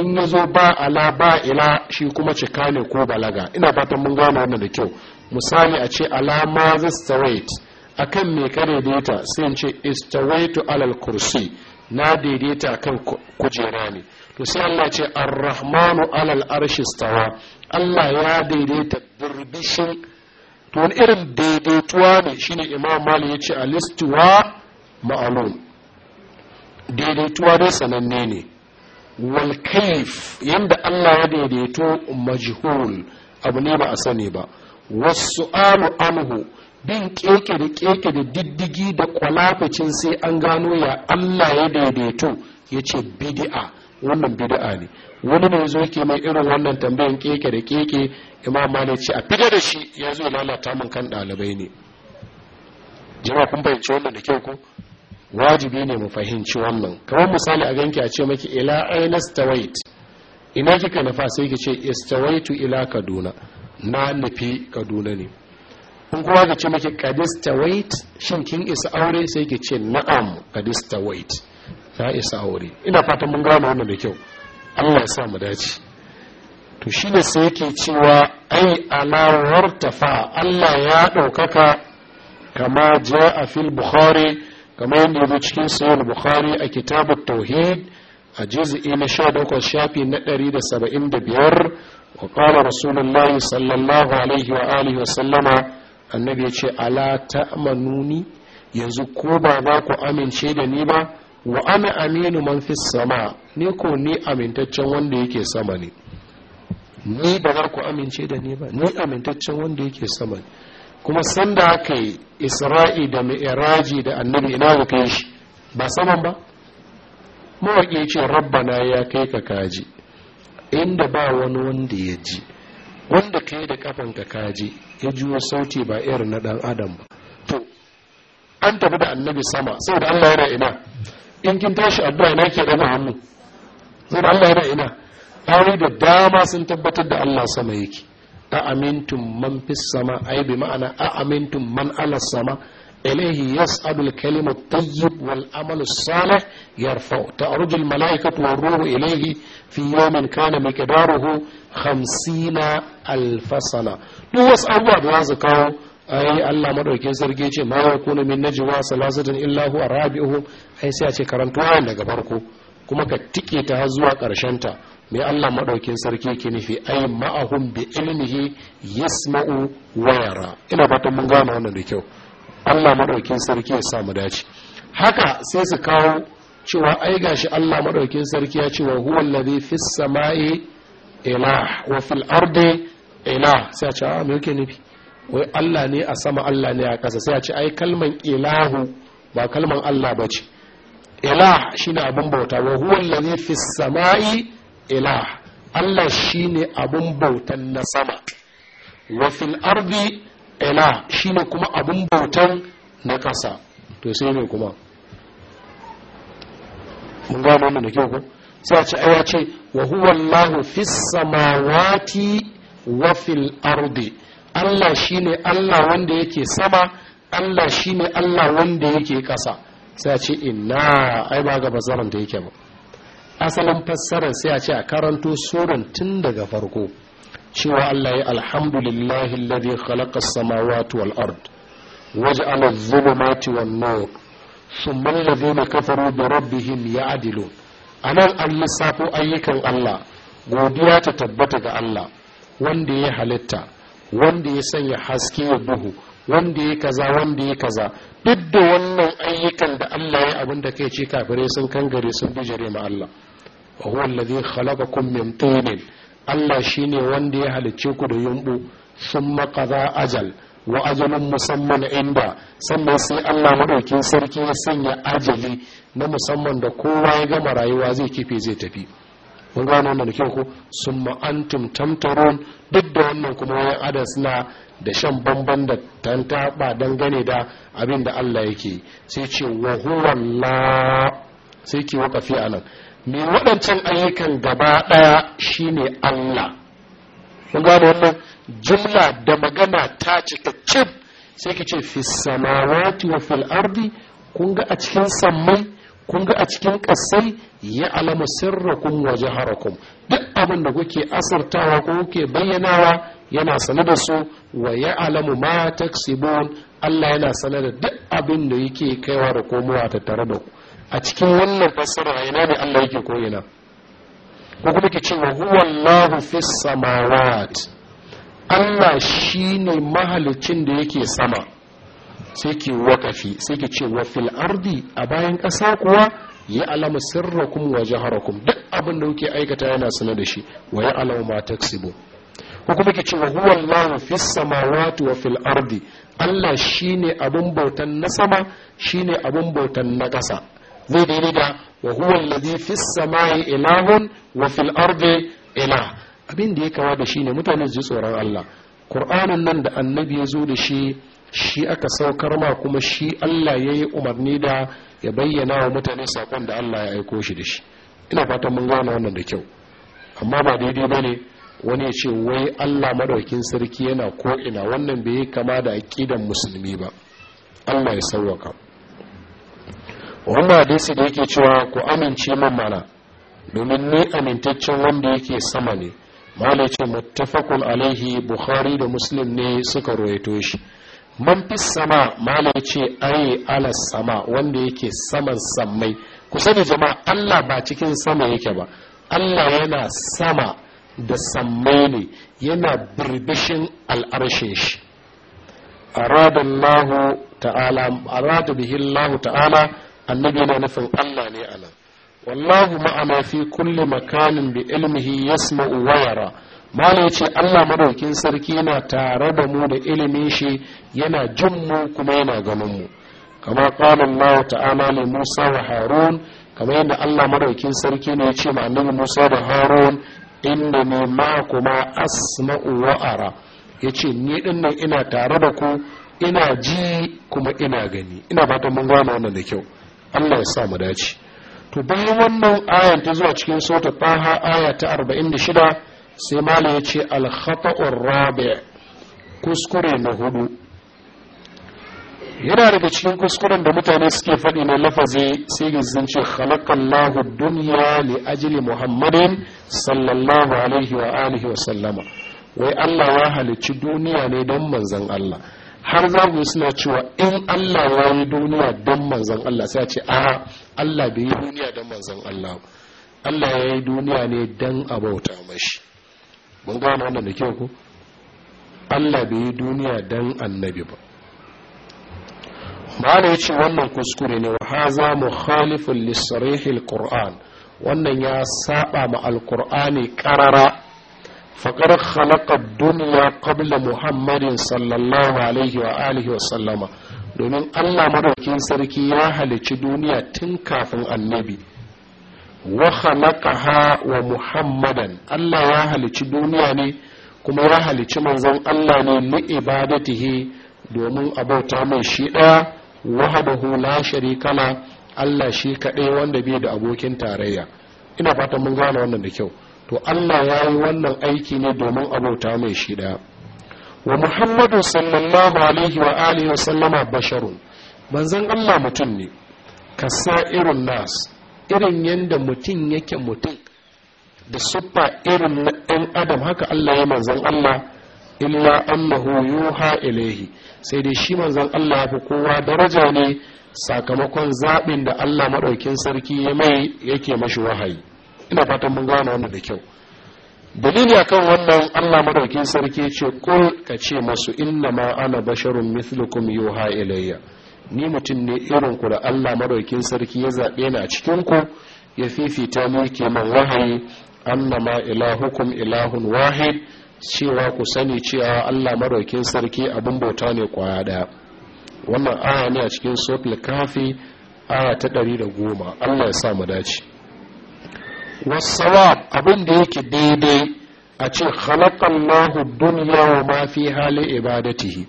in ya zo ba ala ba ila shi kuma cika ne ko balaga ina fatan mun gane wannan da kyau misali a ce alama zistawait a kan mai ka daidaita sai in ce istawaitu alal kursi na daidaita kan kujera ne to sai Allah ce arrahmanu alal arshi stawa Allah ya daidaita birbishin to wani irin daidaituwa ne shine imam malik ya ce alistuwa ma'alum daidaituwa dai sananne ne wal kaif yanda Allah ya daidaito majhul abu ne ba a sani ba wasu alu anhu bin keke da keke da diddigi da kwalafacin sai an gano ya Allah ya daidaito ya ce bid'a wannan bid'a ne wani ne zo ke mai irin wannan tambayan keke da keke imam malik ce a fita da shi ya zo lalata min kan ɗalibai ne jama'a kun fahimci wannan da kyau ko wajibi ne mu fahimci wannan kamar misali a ganki a ce maki ila aina stawait ina kika nafa sai kice ce istawaitu ila kaduna na nufi kaduna ne in kuma ka ce maki wait shin kin isa aure sai kice ce na'am wait ta isa aure ina fatan mun gano wannan da kyau Allah ya sa mu dace to shine sai yake cewa ai ala wartafa Allah ya ɗaukaka kama jaa fil bukhari kamar yadda ya zo cikin sayar bukhari a kitabu tauhid a jizi na sha Dokar shafi na da saba'in biyar wa qala rasulullahi sallallahu alaihi wa alihi wa sallama annabi ya ce ala ta manuni yanzu ko ba za ku amince da ni ba wa ana aminu man fi sama ni ko ni amintaccen wanda yake sama ne ni ba za ku amince da ni ba ni amintaccen wanda yake sama ne kuma sanda aka yi isra'i da mi'raji da annabi ina ga kai shi ba saman ba mawaƙi ce rabbana ya kai ka kaji inda ba wani wanda ya ji wanda kai da ka kaji ya juwo sauti ba irin na dan adam ba to an tafi da annabi sama saboda Allah yana ina in kin tashi addu'a na ke daga hannu saboda Allah yana ina ayoyi da dama sun tabbatar da Allah sama yake a man fis sama bi ma'ana a man ala sama ilaihi yas'adu al-kalimu at-tayyib wal amalu as-salih yarfa'u ta'ruju malaikatu war-ruhu ilaihi fi yawmin kana miqdaruhu 50 alf sana duk wasu abubuwa da za su kawo ai Allah madaukin sarki ce ma kuna min najwa salasatin illa huwa rabi'uhum ai sai a ce karantuwa daga farko kuma ka tike ta har zuwa ta mai Allah maɗaukin sarki ke nufi ai ma'ahum bi ilmihi yasma'u wa yara ina fatan mun gane wannan da kyau Allah maɗaukin sarki ya sa dace haka sai su kawo cewa ai gashi Allah maɗaukin sarki ya ce wa huwa allazi fis sama'i ilah wa fil ardi ilah sai a ce a ah, me yake nufi wai Allah ne a sama Allah ne a ƙasa sai a ce ai kalman ilahu ba kalman Allah bace. ilah shine abun bauta wa huwa allazi fi samai ilah Allah shine abun bautan na sama wa fil ardi ilah shine kuma abun bautan na ƙasa to sai ne kuma mun ga wannan da kyau ko sai ce ai ce wa huwa allahu fi samawati wa fil ardi Allah shine Allah wanda yake sama Allah shine Allah wanda yake ƙasa sai ce inna ai ba ga bazaran da yake ba asalin fassarar sai a ce a karanto suran tun daga farko cewa Allah ya alhamdulillahi alladhi khalaqa as-samawati wal ard waj'ala adh-dhulumati wan nur thumma alladhina kafaru bi rabbihim ya'dilun anan an lissafo ayyukan Allah godiya ta tabbata ga Allah wanda ya halitta wanda ya sanya haske ya duhu wanda ya kaza wanda ya kaza duk da wannan ayyukan da Allah ya abin da kai ce kafire sun kangare sun bijire ma Allah wa huwa alladhi khalaqakum min tinin Allah shine wanda ya halicce ku da yumbu summa qaza ajal wa ajalun musamman inda sannan sai Allah madaukin sarki ya sanya ajali na musamman da kowa ya gama rayuwa zai kife zai tafi mun gano wannan da kyau ko sun ma'antum tamtarun duk da wannan kuma ya ada suna da shan bamban da don dangane da abin da Allah yake sai ce wa huwa sai ke wakafi a nan me waɗancan ayyukan gaba ɗaya shine Allah mun gano wannan jumla da magana ta cika cib sai ke ce fi samawati wa fil ardi kun ga a cikin sammai kun ga a cikin kasai ya alama sirrakum wa jaharakum duk abin da kuke asirtawa ko kuke bayyanawa yana sane da su wa ya alamu ma taksibun Allah yana sane da duk abin da yake kaiwa da komowa ta tare da ku a cikin wannan fassara yana ne Allah yake ko ko kuma ke cewa huwa Allahu fis samawat Allah shine mahalicin da yake sama sai ki waƙafi sai ki ce wa fil ardi a bayan ƙasa kuwa ya alama sirrakum wa jaharakum duk abin da kuke aikata yana sanar da shi wa ya alama ma taksibu ko kuma ki ce wa huwa fissa ma samawati wa fil ardi Allah shine abin bautan na sama shine abin bautan na ƙasa zai daidai da wa huwa allazi fis samai ilahun wa fil ardi ilah abin da ya kawo da shine mutane su ji tsoron Allah kur'anin nan da annabi ya zo da shi shi aka saukar ma kuma shi Allah ya yi umarni da ya bayyana wa mutane saƙon da Allah ya aiko shi da shi ina fatan mun gane wannan da kyau amma ba daidai ba ne wani ya ce wai Allah madaukin sarki yana ko ina wannan bai yi kama da aƙidan musulmi ba Allah ya sauwaka wannan hadisi da yake cewa ku amince min mana domin ni amintaccen wanda yake sama ne malai ce muttafaqun alaihi bukhari da muslim ne suka rawaito shi man fi sama mala ya ce ayi ala sama wanda yake saman sammai kusa da jama'a allah ba cikin sama yake ba allah yana sama da sammai ne yana birbishin al'arshe shi aradallahu ta'ala aradu bihi allah ta'ala annabi na nufin allah ne nan. wallahu ma'ana fi kulli makanin bi ilmihi yasma'u wa yara malam ya ce allah madaukin sarki yana tare da mu da ilimin shi yana jin mu kuma yana ganin mu kama kwanan mawa ta'ala ne musa wa harun kama yadda allah madaukin sarki ne ya ce ma annabi musa da harun inda ne ma kuma asma'u wa'ara ya ce ni nan ina tare da ku ina ji kuma ina gani ina fatan mun gane wannan da kyau allah ya sa mu dace to bayan wannan ayan ta zuwa cikin sota taha aya ta 46 sai malam ya ce alkhata'ur rabi kuskure na hudu yana daga cikin kuskuren da mutane suke faɗi na lafazi sai sun ce khalaqallahu duniya li ajili muhammadin sallallahu alaihi wa alihi wa sallama wai Allah ya halicci duniya ne don manzan Allah har za mu suna cewa in Allah ya yi duniya don manzan Allah sai a ce a Allah bai yi duniya don manzan Allah Allah ya yi duniya ne don abauta mashi mun gane wannan da kyau ko Allah bai yi duniya dan annabi ba ne yace wannan kuskure ne wa haza mukhalifun lisarihil qur'an wannan ya saba ma alqur'ani qarara faqad khalaqa ad-dunya qabla muhammadin sallallahu alaihi wa alihi wa sallama domin Allah madaukin sarki ya halicci duniya tun kafin annabi wa khalaqaha wa muhammadan Allah ya halici duniya ne kuma ya halici manzon Allah ne ni ibadatihi domin a mai shi ɗaya wahdahu la sharika la Allah shi kaɗai wanda bai da abokin tarayya ina fatan mun gane wannan da kyau to Allah ya yi wannan aiki ne domin abota mai shi ɗaya wa muhammadu sallallahu alaihi wa alihi wa sallama basharun manzon Allah mutum ne ka irin nas irin yadda mutum yake mutum da siffa irin na ɗan adam haka Allah ya manzan Allah illa annahu yuha ilaihi sai dai shi manzan Allah ya fi kowa daraja ne sakamakon zaɓin da Allah maɗaukin sarki ya mai yake mashi wahayi ina fatan mun gane wannan da kyau dalili akan wannan Allah maɗaukin sarki ce kul ka ce masu inna ma ana basharun mithlukum yuha ilayya ni mutum ne irin ku da Allah madaukin sarki ya zaɓe ni a cikin ku ya fifita ni ke man wahayi annama ilahukum ilahun wahid cewa ku sani cewa Allah madaukin sarki abin bauta ne kwaya ɗaya. wannan aya ne a cikin suratul kafi aya ta ɗari da goma. Allah ya sa mu dace wasawab abin da yake daidai a ce khalaqallahu dunya wa ma ibadatihi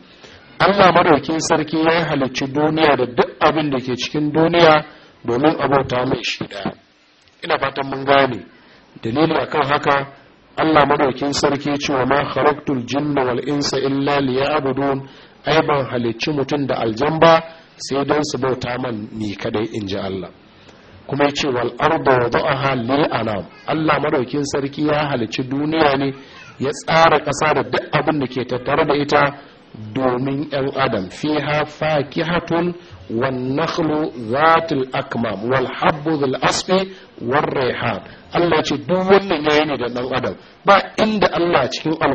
allah madaukin sarki ya halicci duniya da duk abin da ke cikin duniya domin abota mai shi ɗaya ina fatan mun gane dalili akan haka allah madaukin sarki cewa ma kharaqtul jinna wal insa illa liya'budun ai ban halicci mutum da aljamba sai don su bauta man ni kadai in ji allah kuma ya ce wal arda wada'aha lil anam allah madaukin sarki ya halicci duniya ne ya tsara ƙasa da duk abin da ke tattare da ita domin yan adam fiha fakihatun wan nakhlu zatul akma wal habbu dhul asfi war rayhan Allah ce duk wannan yayi ne da ɗan adam ba inda Allah cikin ce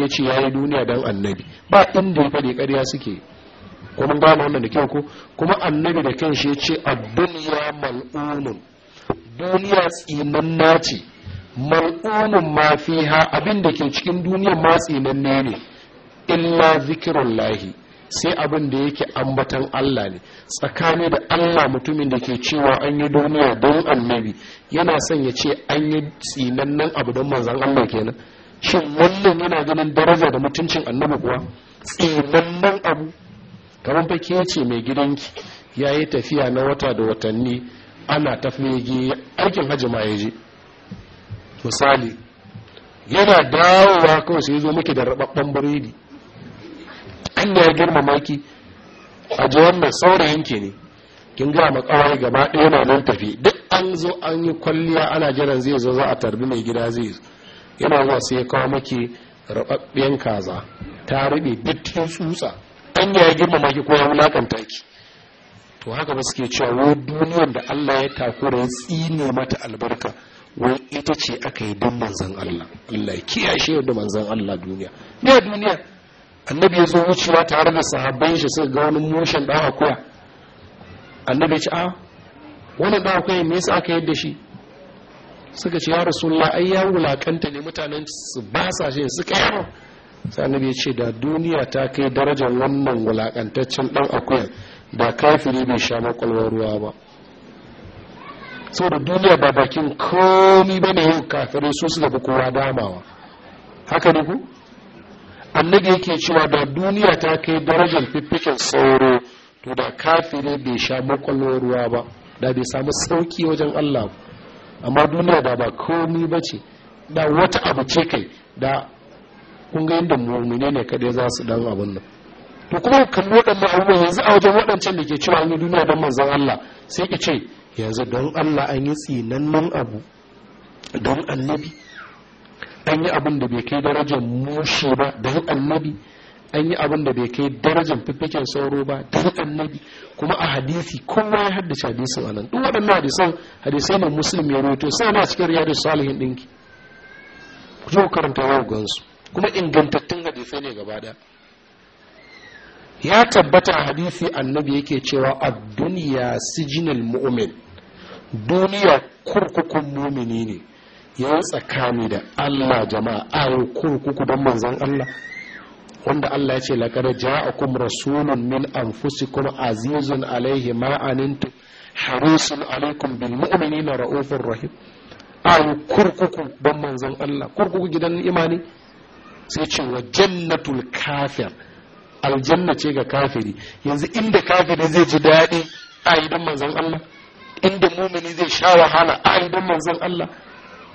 yace yayi duniya dan annabi ba inda ya faɗi ƙarya suke ko mun wannan da kyau ko kuma annabi da kan ya ce a duniya mal'unun duniya tsinanna ce mal'unun ma fi abin da ke cikin duniya ma tsinanne ne illa zikirun lahi sai abin da yake ambatan Allah ne tsakani da Allah mutumin da ke cewa an yi duniya don annabi yana son ya ce an yi tsinannen abu don manzan Allah kenan shin wannan yana ganin daraja da mutuncin annabi kuwa tsinannen abu kamar fa ke ce mai gidanki ya yi tafiya na wata da watanni ana tafiye aikin hajji ma ya je misali yana dawowa kawai sai zo miki da rababban biredi an ya girmama ki a ji wannan saurayin ke ne kin ga makawai gaba ɗaya na nan tafi duk an zo an yi kwalliya ana jiran zai zo za a tarbi mai gida zai zo yana zuwa sai ya kawo maki rababbiyan kaza ta rube duk tsutsa an ya girmama ki ko ya wulakanta ki to haka ba suke cewa wo duniyar da Allah ya takura ya tsine mata albarka wai ita ce aka yi don manzan Allah Allah ya shi da manzan Allah duniya ne duniya annabi ya zo wucewa tare da sahabban shi suka ga wani mushen ɗan akuya annabi ya ce a wani ɗan akuya me yasa aka yadda shi suka ce ya rasulullah ai ya wulakanta ne mutanen su ba sa shi suka yawa sai annabi ya ce da duniya ta kai darajar wannan wulakantaccen ɗan akuya da kafiri bai sha makwalwar ruwa ba saboda duniya ba bakin komi bane yau kafirai su suka fi kowa damawa haka ne ku annabi yake cewa da duniya ta kai darajar fiffikin sauro to da kafire bai sha makwallon ruwa ba da bai samu sauki wajen Allah amma duniya da ba komi ba ce da wata abu ce kai da kunga yadda mummune ne kadai za su dan abun nan to kuma kalli waɗannan abubuwan yanzu a wajen waɗancan da ke cewa an yi duniya don manzon Allah sai ki ce yanzu don Allah an yi tsinannun abu don annabi an yi abin da bai kai darajar mushi ba da annabi an yi abin da bai kai darajar fiffiken sauro ba da annabi kuma a hadisi kowa ya haddace hadisin a nan duk waɗannan hadisan hadisai na musulmi ya roto sai na cikin riyadu salihin ɗinki ku karanta gansu kuma ingantattun hadisai ne gaba ya tabbata a hadisi annabi yake cewa a duniya sijinal mu'min duniya kurkukun mumini ne ya tsakani da Allah jama'a ayo kurkuku don manzan Allah wanda Allah ya ce laqad ja'akum rasulun min kuma azizun alaihi ma'anin tu harisun alaikum bil na raufur rahim ayo kurkuku don manzan Allah kurkuku gidan imani sai ce wa jannatul kafir aljanna ce ga kafiri yanzu inda kafiri zai ji daɗi a idan manzan Allah inda mumini zai sha wahala a idan manzon Allah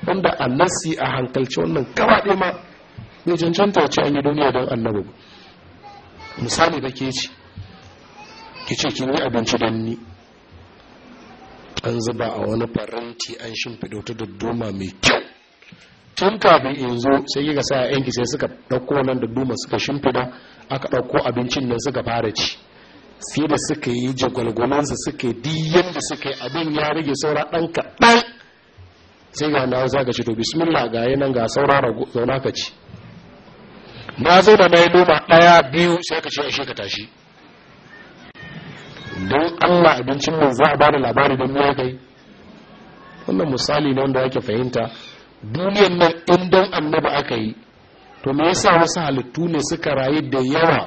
wanda a a hankalci wannan gaba ma mai cancanta ce an yi duniya don annabi misali da ke ci ki ce kin yi abinci don ni an zuba a wani faranti an shimfiɗo ta dadduma mai kyau tun kafin in zo sai kika sa yanki sai suka ɗauko nan dadduma suka shimfiɗa aka ɗauko abincin nan suka fara ci sai da suka yi jagwalgwalansa suka yi diyan da suka yi abin ya rage saura ɗan kaɗan sai ga na za ka ci to bismillah ga yi nan ga saura zauna ka ci na zo na yi noma ɗaya biyu sai ka ce a shekata tashi don allah abincin mun za a ba da labari don ya kai wannan misali ne wanda ake fahimta duniyan nan in don annaba aka yi to me yasa wasu halittu ne suka rayu da yawa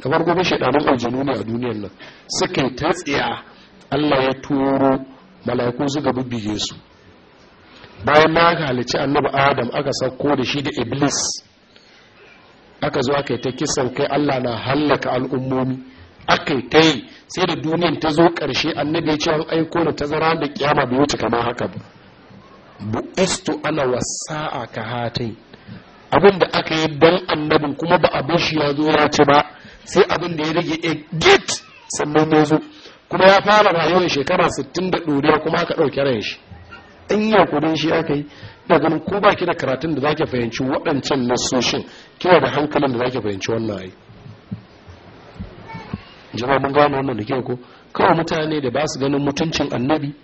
da farko ba shaidanun aljanu ne a duniyan nan suka yi ta allah ya turo mala'iku suka bibbige su bayan ma aka halici annabi adam aka sauko da shi da iblis aka zo aka yi ta kisan kai allah na hallaka al'ummomi aka yi ta yi sai da duniyan ta zo karshe annabi ya ce an aiko da tazara da kyama bai wuce kama haka ba bu bu'estu ana wasa a ka hatai abin da aka yi don annabin kuma ba abin shi ya zo ya ci ba sai abin da ya rage a git sannan ya zo kuma ya fara rayuwar shekara 60 da ɗoriya kuma aka ɗauki ran shi ɗan yakurin shi aka yi da ganin ko baki da karatun da zaki fahimci waɗancan nasoshin kina da hankalin da zaki fahimci wannan ayi jama'a mun gano wannan da kyau ko kawai mutane da ba su ganin mutuncin annabi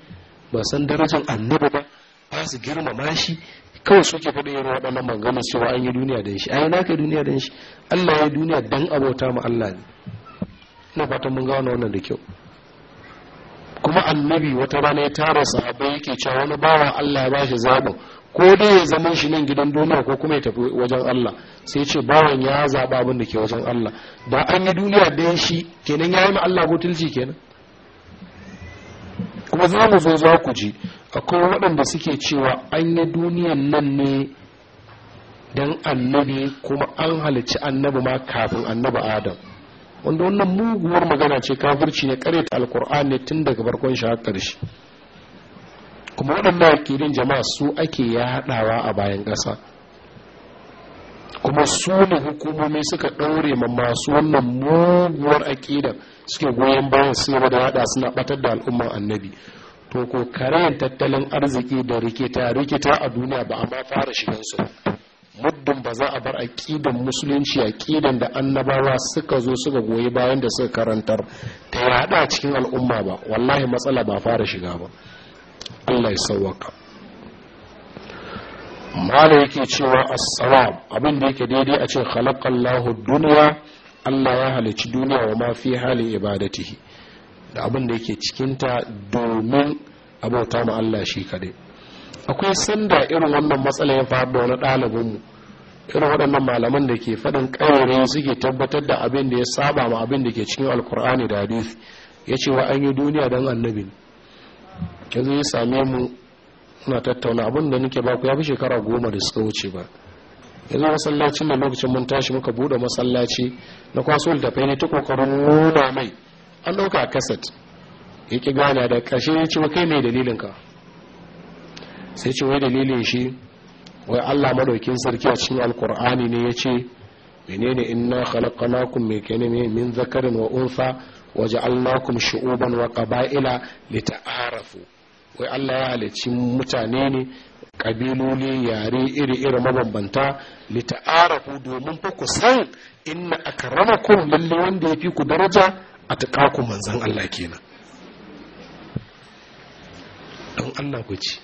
ba san darajar annabi ba ba su girmama shi kawai suke faɗi irin waɗannan maganar cewa an yi duniya don shi ayi naka duniya don shi Allah ya duniya dan abota ma Allah ne ina fatan mun gano wannan da kyau kuma annabi wata rana ya tara sahabbai yake cewa wani bawa Allah ya bashi zaɓin ko dai ya zama shi nan gidan duniya ko kuma ya tafi wajen Allah sai ce bawan ya zaɓa abin da ke wajen Allah da an yi duniya da shi kenan ya yi ma Allah butulci kenan kuma za mu zo za ku ji akwai waɗanda suke cewa an yi duniyan nan ne dan annabi kuma an halicci annabi ma kafin annabi adam wanda wannan muguwar magana ce kafirci ne kareta alkur'ani ne tun daga barkon shi har ƙarshe kuma waɗannan akidin jama'a su ake yaɗawa a bayan ƙasa kuma su ne hukumomi suka ɗaure ma masu wannan muguwar aƙida suke goyon bayan su da yaɗa suna ɓatar da al'ummar annabi to ko karen tattalin arziki da rikita rikita a duniya ba a ma fara shigansu muddin ba za a bar aƙidan musulunci aƙidan da annabawa suka zo suka goyi bayan da suka karantar ta yada cikin al'umma ba wallahi matsala ba fara shiga ba Allah ya sauwaka mala yake cewa as-salam abin da yake daidai a ce khalaqallahu dunya Allah ya halici duniya wa ma fi hali ibadatihi da abin da yake cikinta domin abota ma Allah shi kadai akwai sanda irin wannan matsala ya faru da wani ɗalibinmu irin waɗannan malaman da ke faɗin ƙayarai suke tabbatar da abin da ya saba ma abin da ke cikin alkur'ani da hadisi ya ce wa an yi duniya don annabi yanzu zai same mu na tattauna abin da nake baku ya fi shekara goma da suka wuce ba yanzu masallacin da lokacin mun tashi muka buɗe masallaci na kwaso littafai ne ta kokarin nuna mai an ɗauka a kaset ya ƙi gana da ƙarshe ya ce kai mai dalilin ka sai ce wai dalilin shi wai Allah madaukin sarki a cikin alkur'ani ne ya ce menene inna khalaqnakum min kalimi min zakarin wa unsa wa ja'alnakum shu'uban wa qaba'ila lita'arafu wai Allah ya halicci mutane ne kabiloli yare iri-iri mabambanta lita'arafu domin fa ku san inna akramakum lalle wanda yafi ku daraja a tukaku manzon Allah kenan don Allah ku ci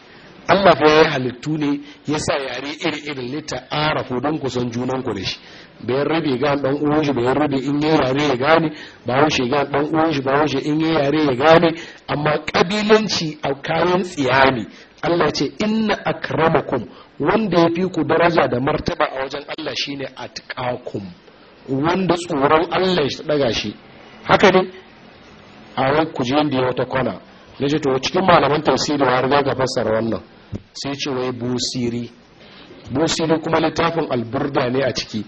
Allah fa ya halittu ne ya sa yare iri-iri lita arafu don kusan junan ku da shi bayan rabe ga dan uwan shi bayan rabe in yayi yare ya gane ba shi ga dan uwan shi ba shi in yayi yare ya gane amma kabilanci a kayan tsiyani Allah ce inna akramakum wanda ya fi ku daraja da martaba a wajen Allah shine atqakum wanda tsoron Allah ya daga shi haka ne a wai ku je ya wata kwana na ji to cikin malaman tafsiri har za ka fassara wannan sai ce wai busiri busiri kuma littafin alburda ne a ciki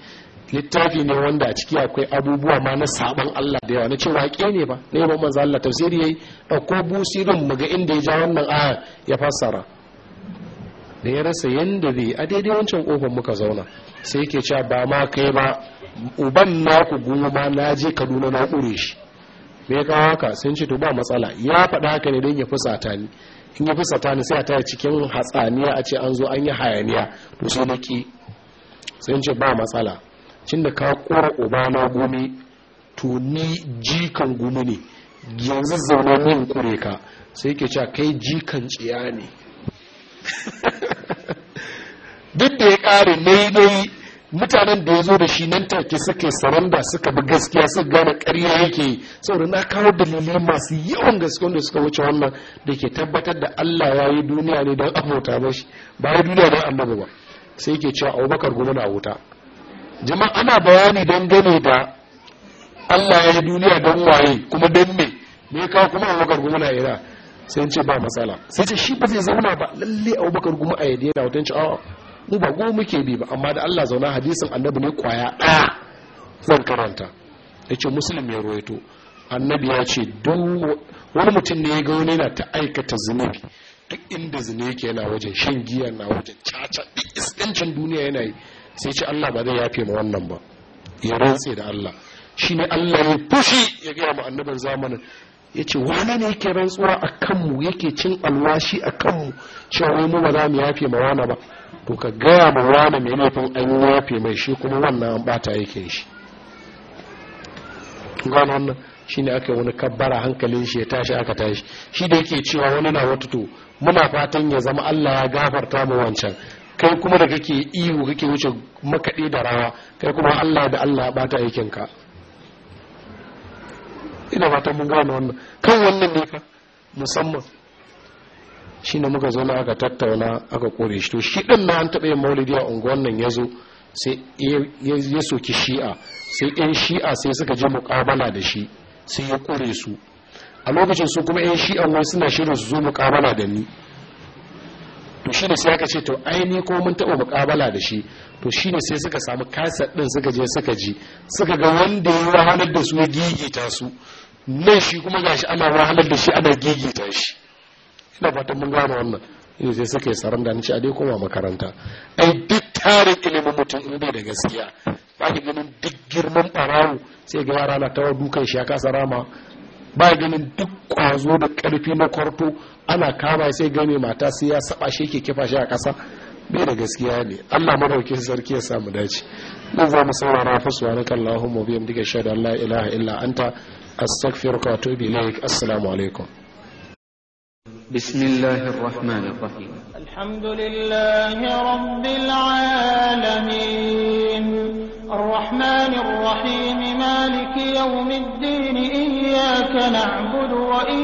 littafi ne wanda a ciki akwai abubuwa ma na saban Allah da yawa na ce waƙe ne ba ne ba manzo Allah tafsiri yayi ɗauko busirin mu ga inda ya ja wannan aya ya fassara da ya rasa yanda zai a daidai wancan kofar muka zauna sai yake cewa ba ma kai ba uban naku goma na je Kaduna na ƙure shi me ya kawo haka sun ce to ba matsala ya faɗa haka ne don ya fusata ni in ya fusata ni sai a cikin hatsaniya a ce an zo an yi hayaniya to sai na ki sun ce ba matsala cin da ka kora obama gumi to ni jikan gumi ne yanzu zaune min kure ka sai ke cewa kai jikan tsiya ne duk da ya ƙare daidai mutanen da ya zo da shi nan take suka saranda suka bi gaskiya suka gane ƙarya yake yi saboda na kawo dalilai masu yawan gaske wanda suka wuce wannan da ke tabbatar da Allah ya yi duniya ne don abota ba shi ba ya duniya don annabi ba sai ke cewa abubakar gobe na wuta jama'a ana bayani don gane da Allah ya yi duniya don waye kuma don me me ya kawo kuma abubakar gobe na ira sai ce ba matsala sai ce shi ba zai zauna ba lalle abubakar gobe a yadda yana wutan a'a mu ba go muke bi ba amma da Allah zauna hadisin annabi ne kwaya ɗaya zan karanta yace muslim ya ruwaito annabi ya ce don wani mutum ne ya ga wani yana ta aikata zunubi duk inda zina yake yana wajen shan giya na wajen caca duk iskancin duniya yana yi sai ce Allah ba zai yafe ma wannan ba ya rantse da Allah shine Allah ya fushi ya gaya wa annabin zamanin ya ce wani ne yake rantsuwa a kanmu yake cin alwashi a kanmu cewa wai mu ba za mu yafe ma wane ba to ka gaya ma wane mai laifin an yafe mai shi kuma wannan an bata yake shi gano wannan shi ne aka yi wani kabbara hankalin shi ya tashi aka tashi shi da yake cewa wani na wata to muna fatan ya zama allah ya gafarta mu wancan kai kuma da kake ihu kake wuce makaɗe da rawa kai kuma allah da allah ya bata aikinka ina fata mun gane wannan kan wannan ne ka musamman shi ne muka zauna aka tattauna aka kore shi to shi ɗin na an taɓa yin maulidi a unguwan nan ya zo sai ya soki shi'a sai yan shi'a sai suka je muƙabala da shi sai ya kore su a lokacin su kuma yan shi'a wai suna shirin su zo muƙabala da ni to shi ne sai aka ce to aini ko mun taɓa mukabala da shi to shi ne sai suka samu kasar ɗin suka je suka ji suka ga wanda ya wahalar da su ya gigita su nan shi kuma shi ana wahalar da shi ana gigita shi ina fatan mun gane wannan ne sai suka yi saranda ni ce a dai koma makaranta ai duk tarin ilimin mutum in bai da gaskiya ba ki ganin duk girman ɓarawo sai ga yara na tawa dukan shi ya kasa rama ba ganin duk ƙwazo da ƙarfi na kwarto ana kama sai gane mata sai ya saba shi yake kifa shi a ƙasa bai da gaskiya ne Allah madaukin sarki ya samu dace dan za mu saurara fa subhanaka allahumma bihamdika shada la ilaha illa anta astaghfiruka wa atubu ilaik assalamu alaikum بسم الله الرحمن الرحيم الحمد لله رب العالمين الرحمن الرحيم مالك يوم الدين إياك نعبد وإياك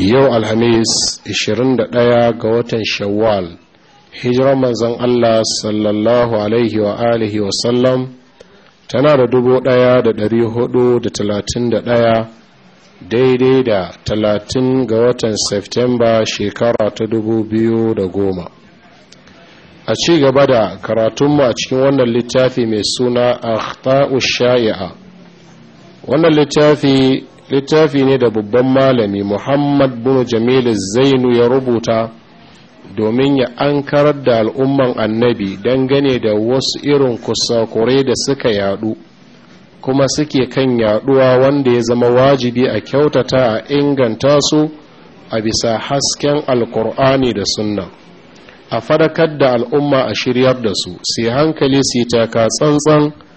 yau alhamis 21 ga watan shawwal hijirar manzon Allah sallallahu alaihi wa alihi wa sallam tana da dubu ɗaya da dari hudu da talatin da ɗaya daidai da talatin ga watan Septemba shekara ta dubu biyu da goma a ci gaba da karatunmu a cikin wannan littafi mai suna akhtau sha'i'a wannan littafi littafi ne da babban malami muhammad bin jamil zainu ya rubuta domin ya ankarar da al'umman annabi dangane da wasu irin kusakure da suka yadu kuma suke kan yaduwa wanda ya zama wajibi a kyautata a inganta su a bisa hasken alkur'ani da sunna a fadakar da al'umma a shiryar da su sai hankali su yi taka tsantsan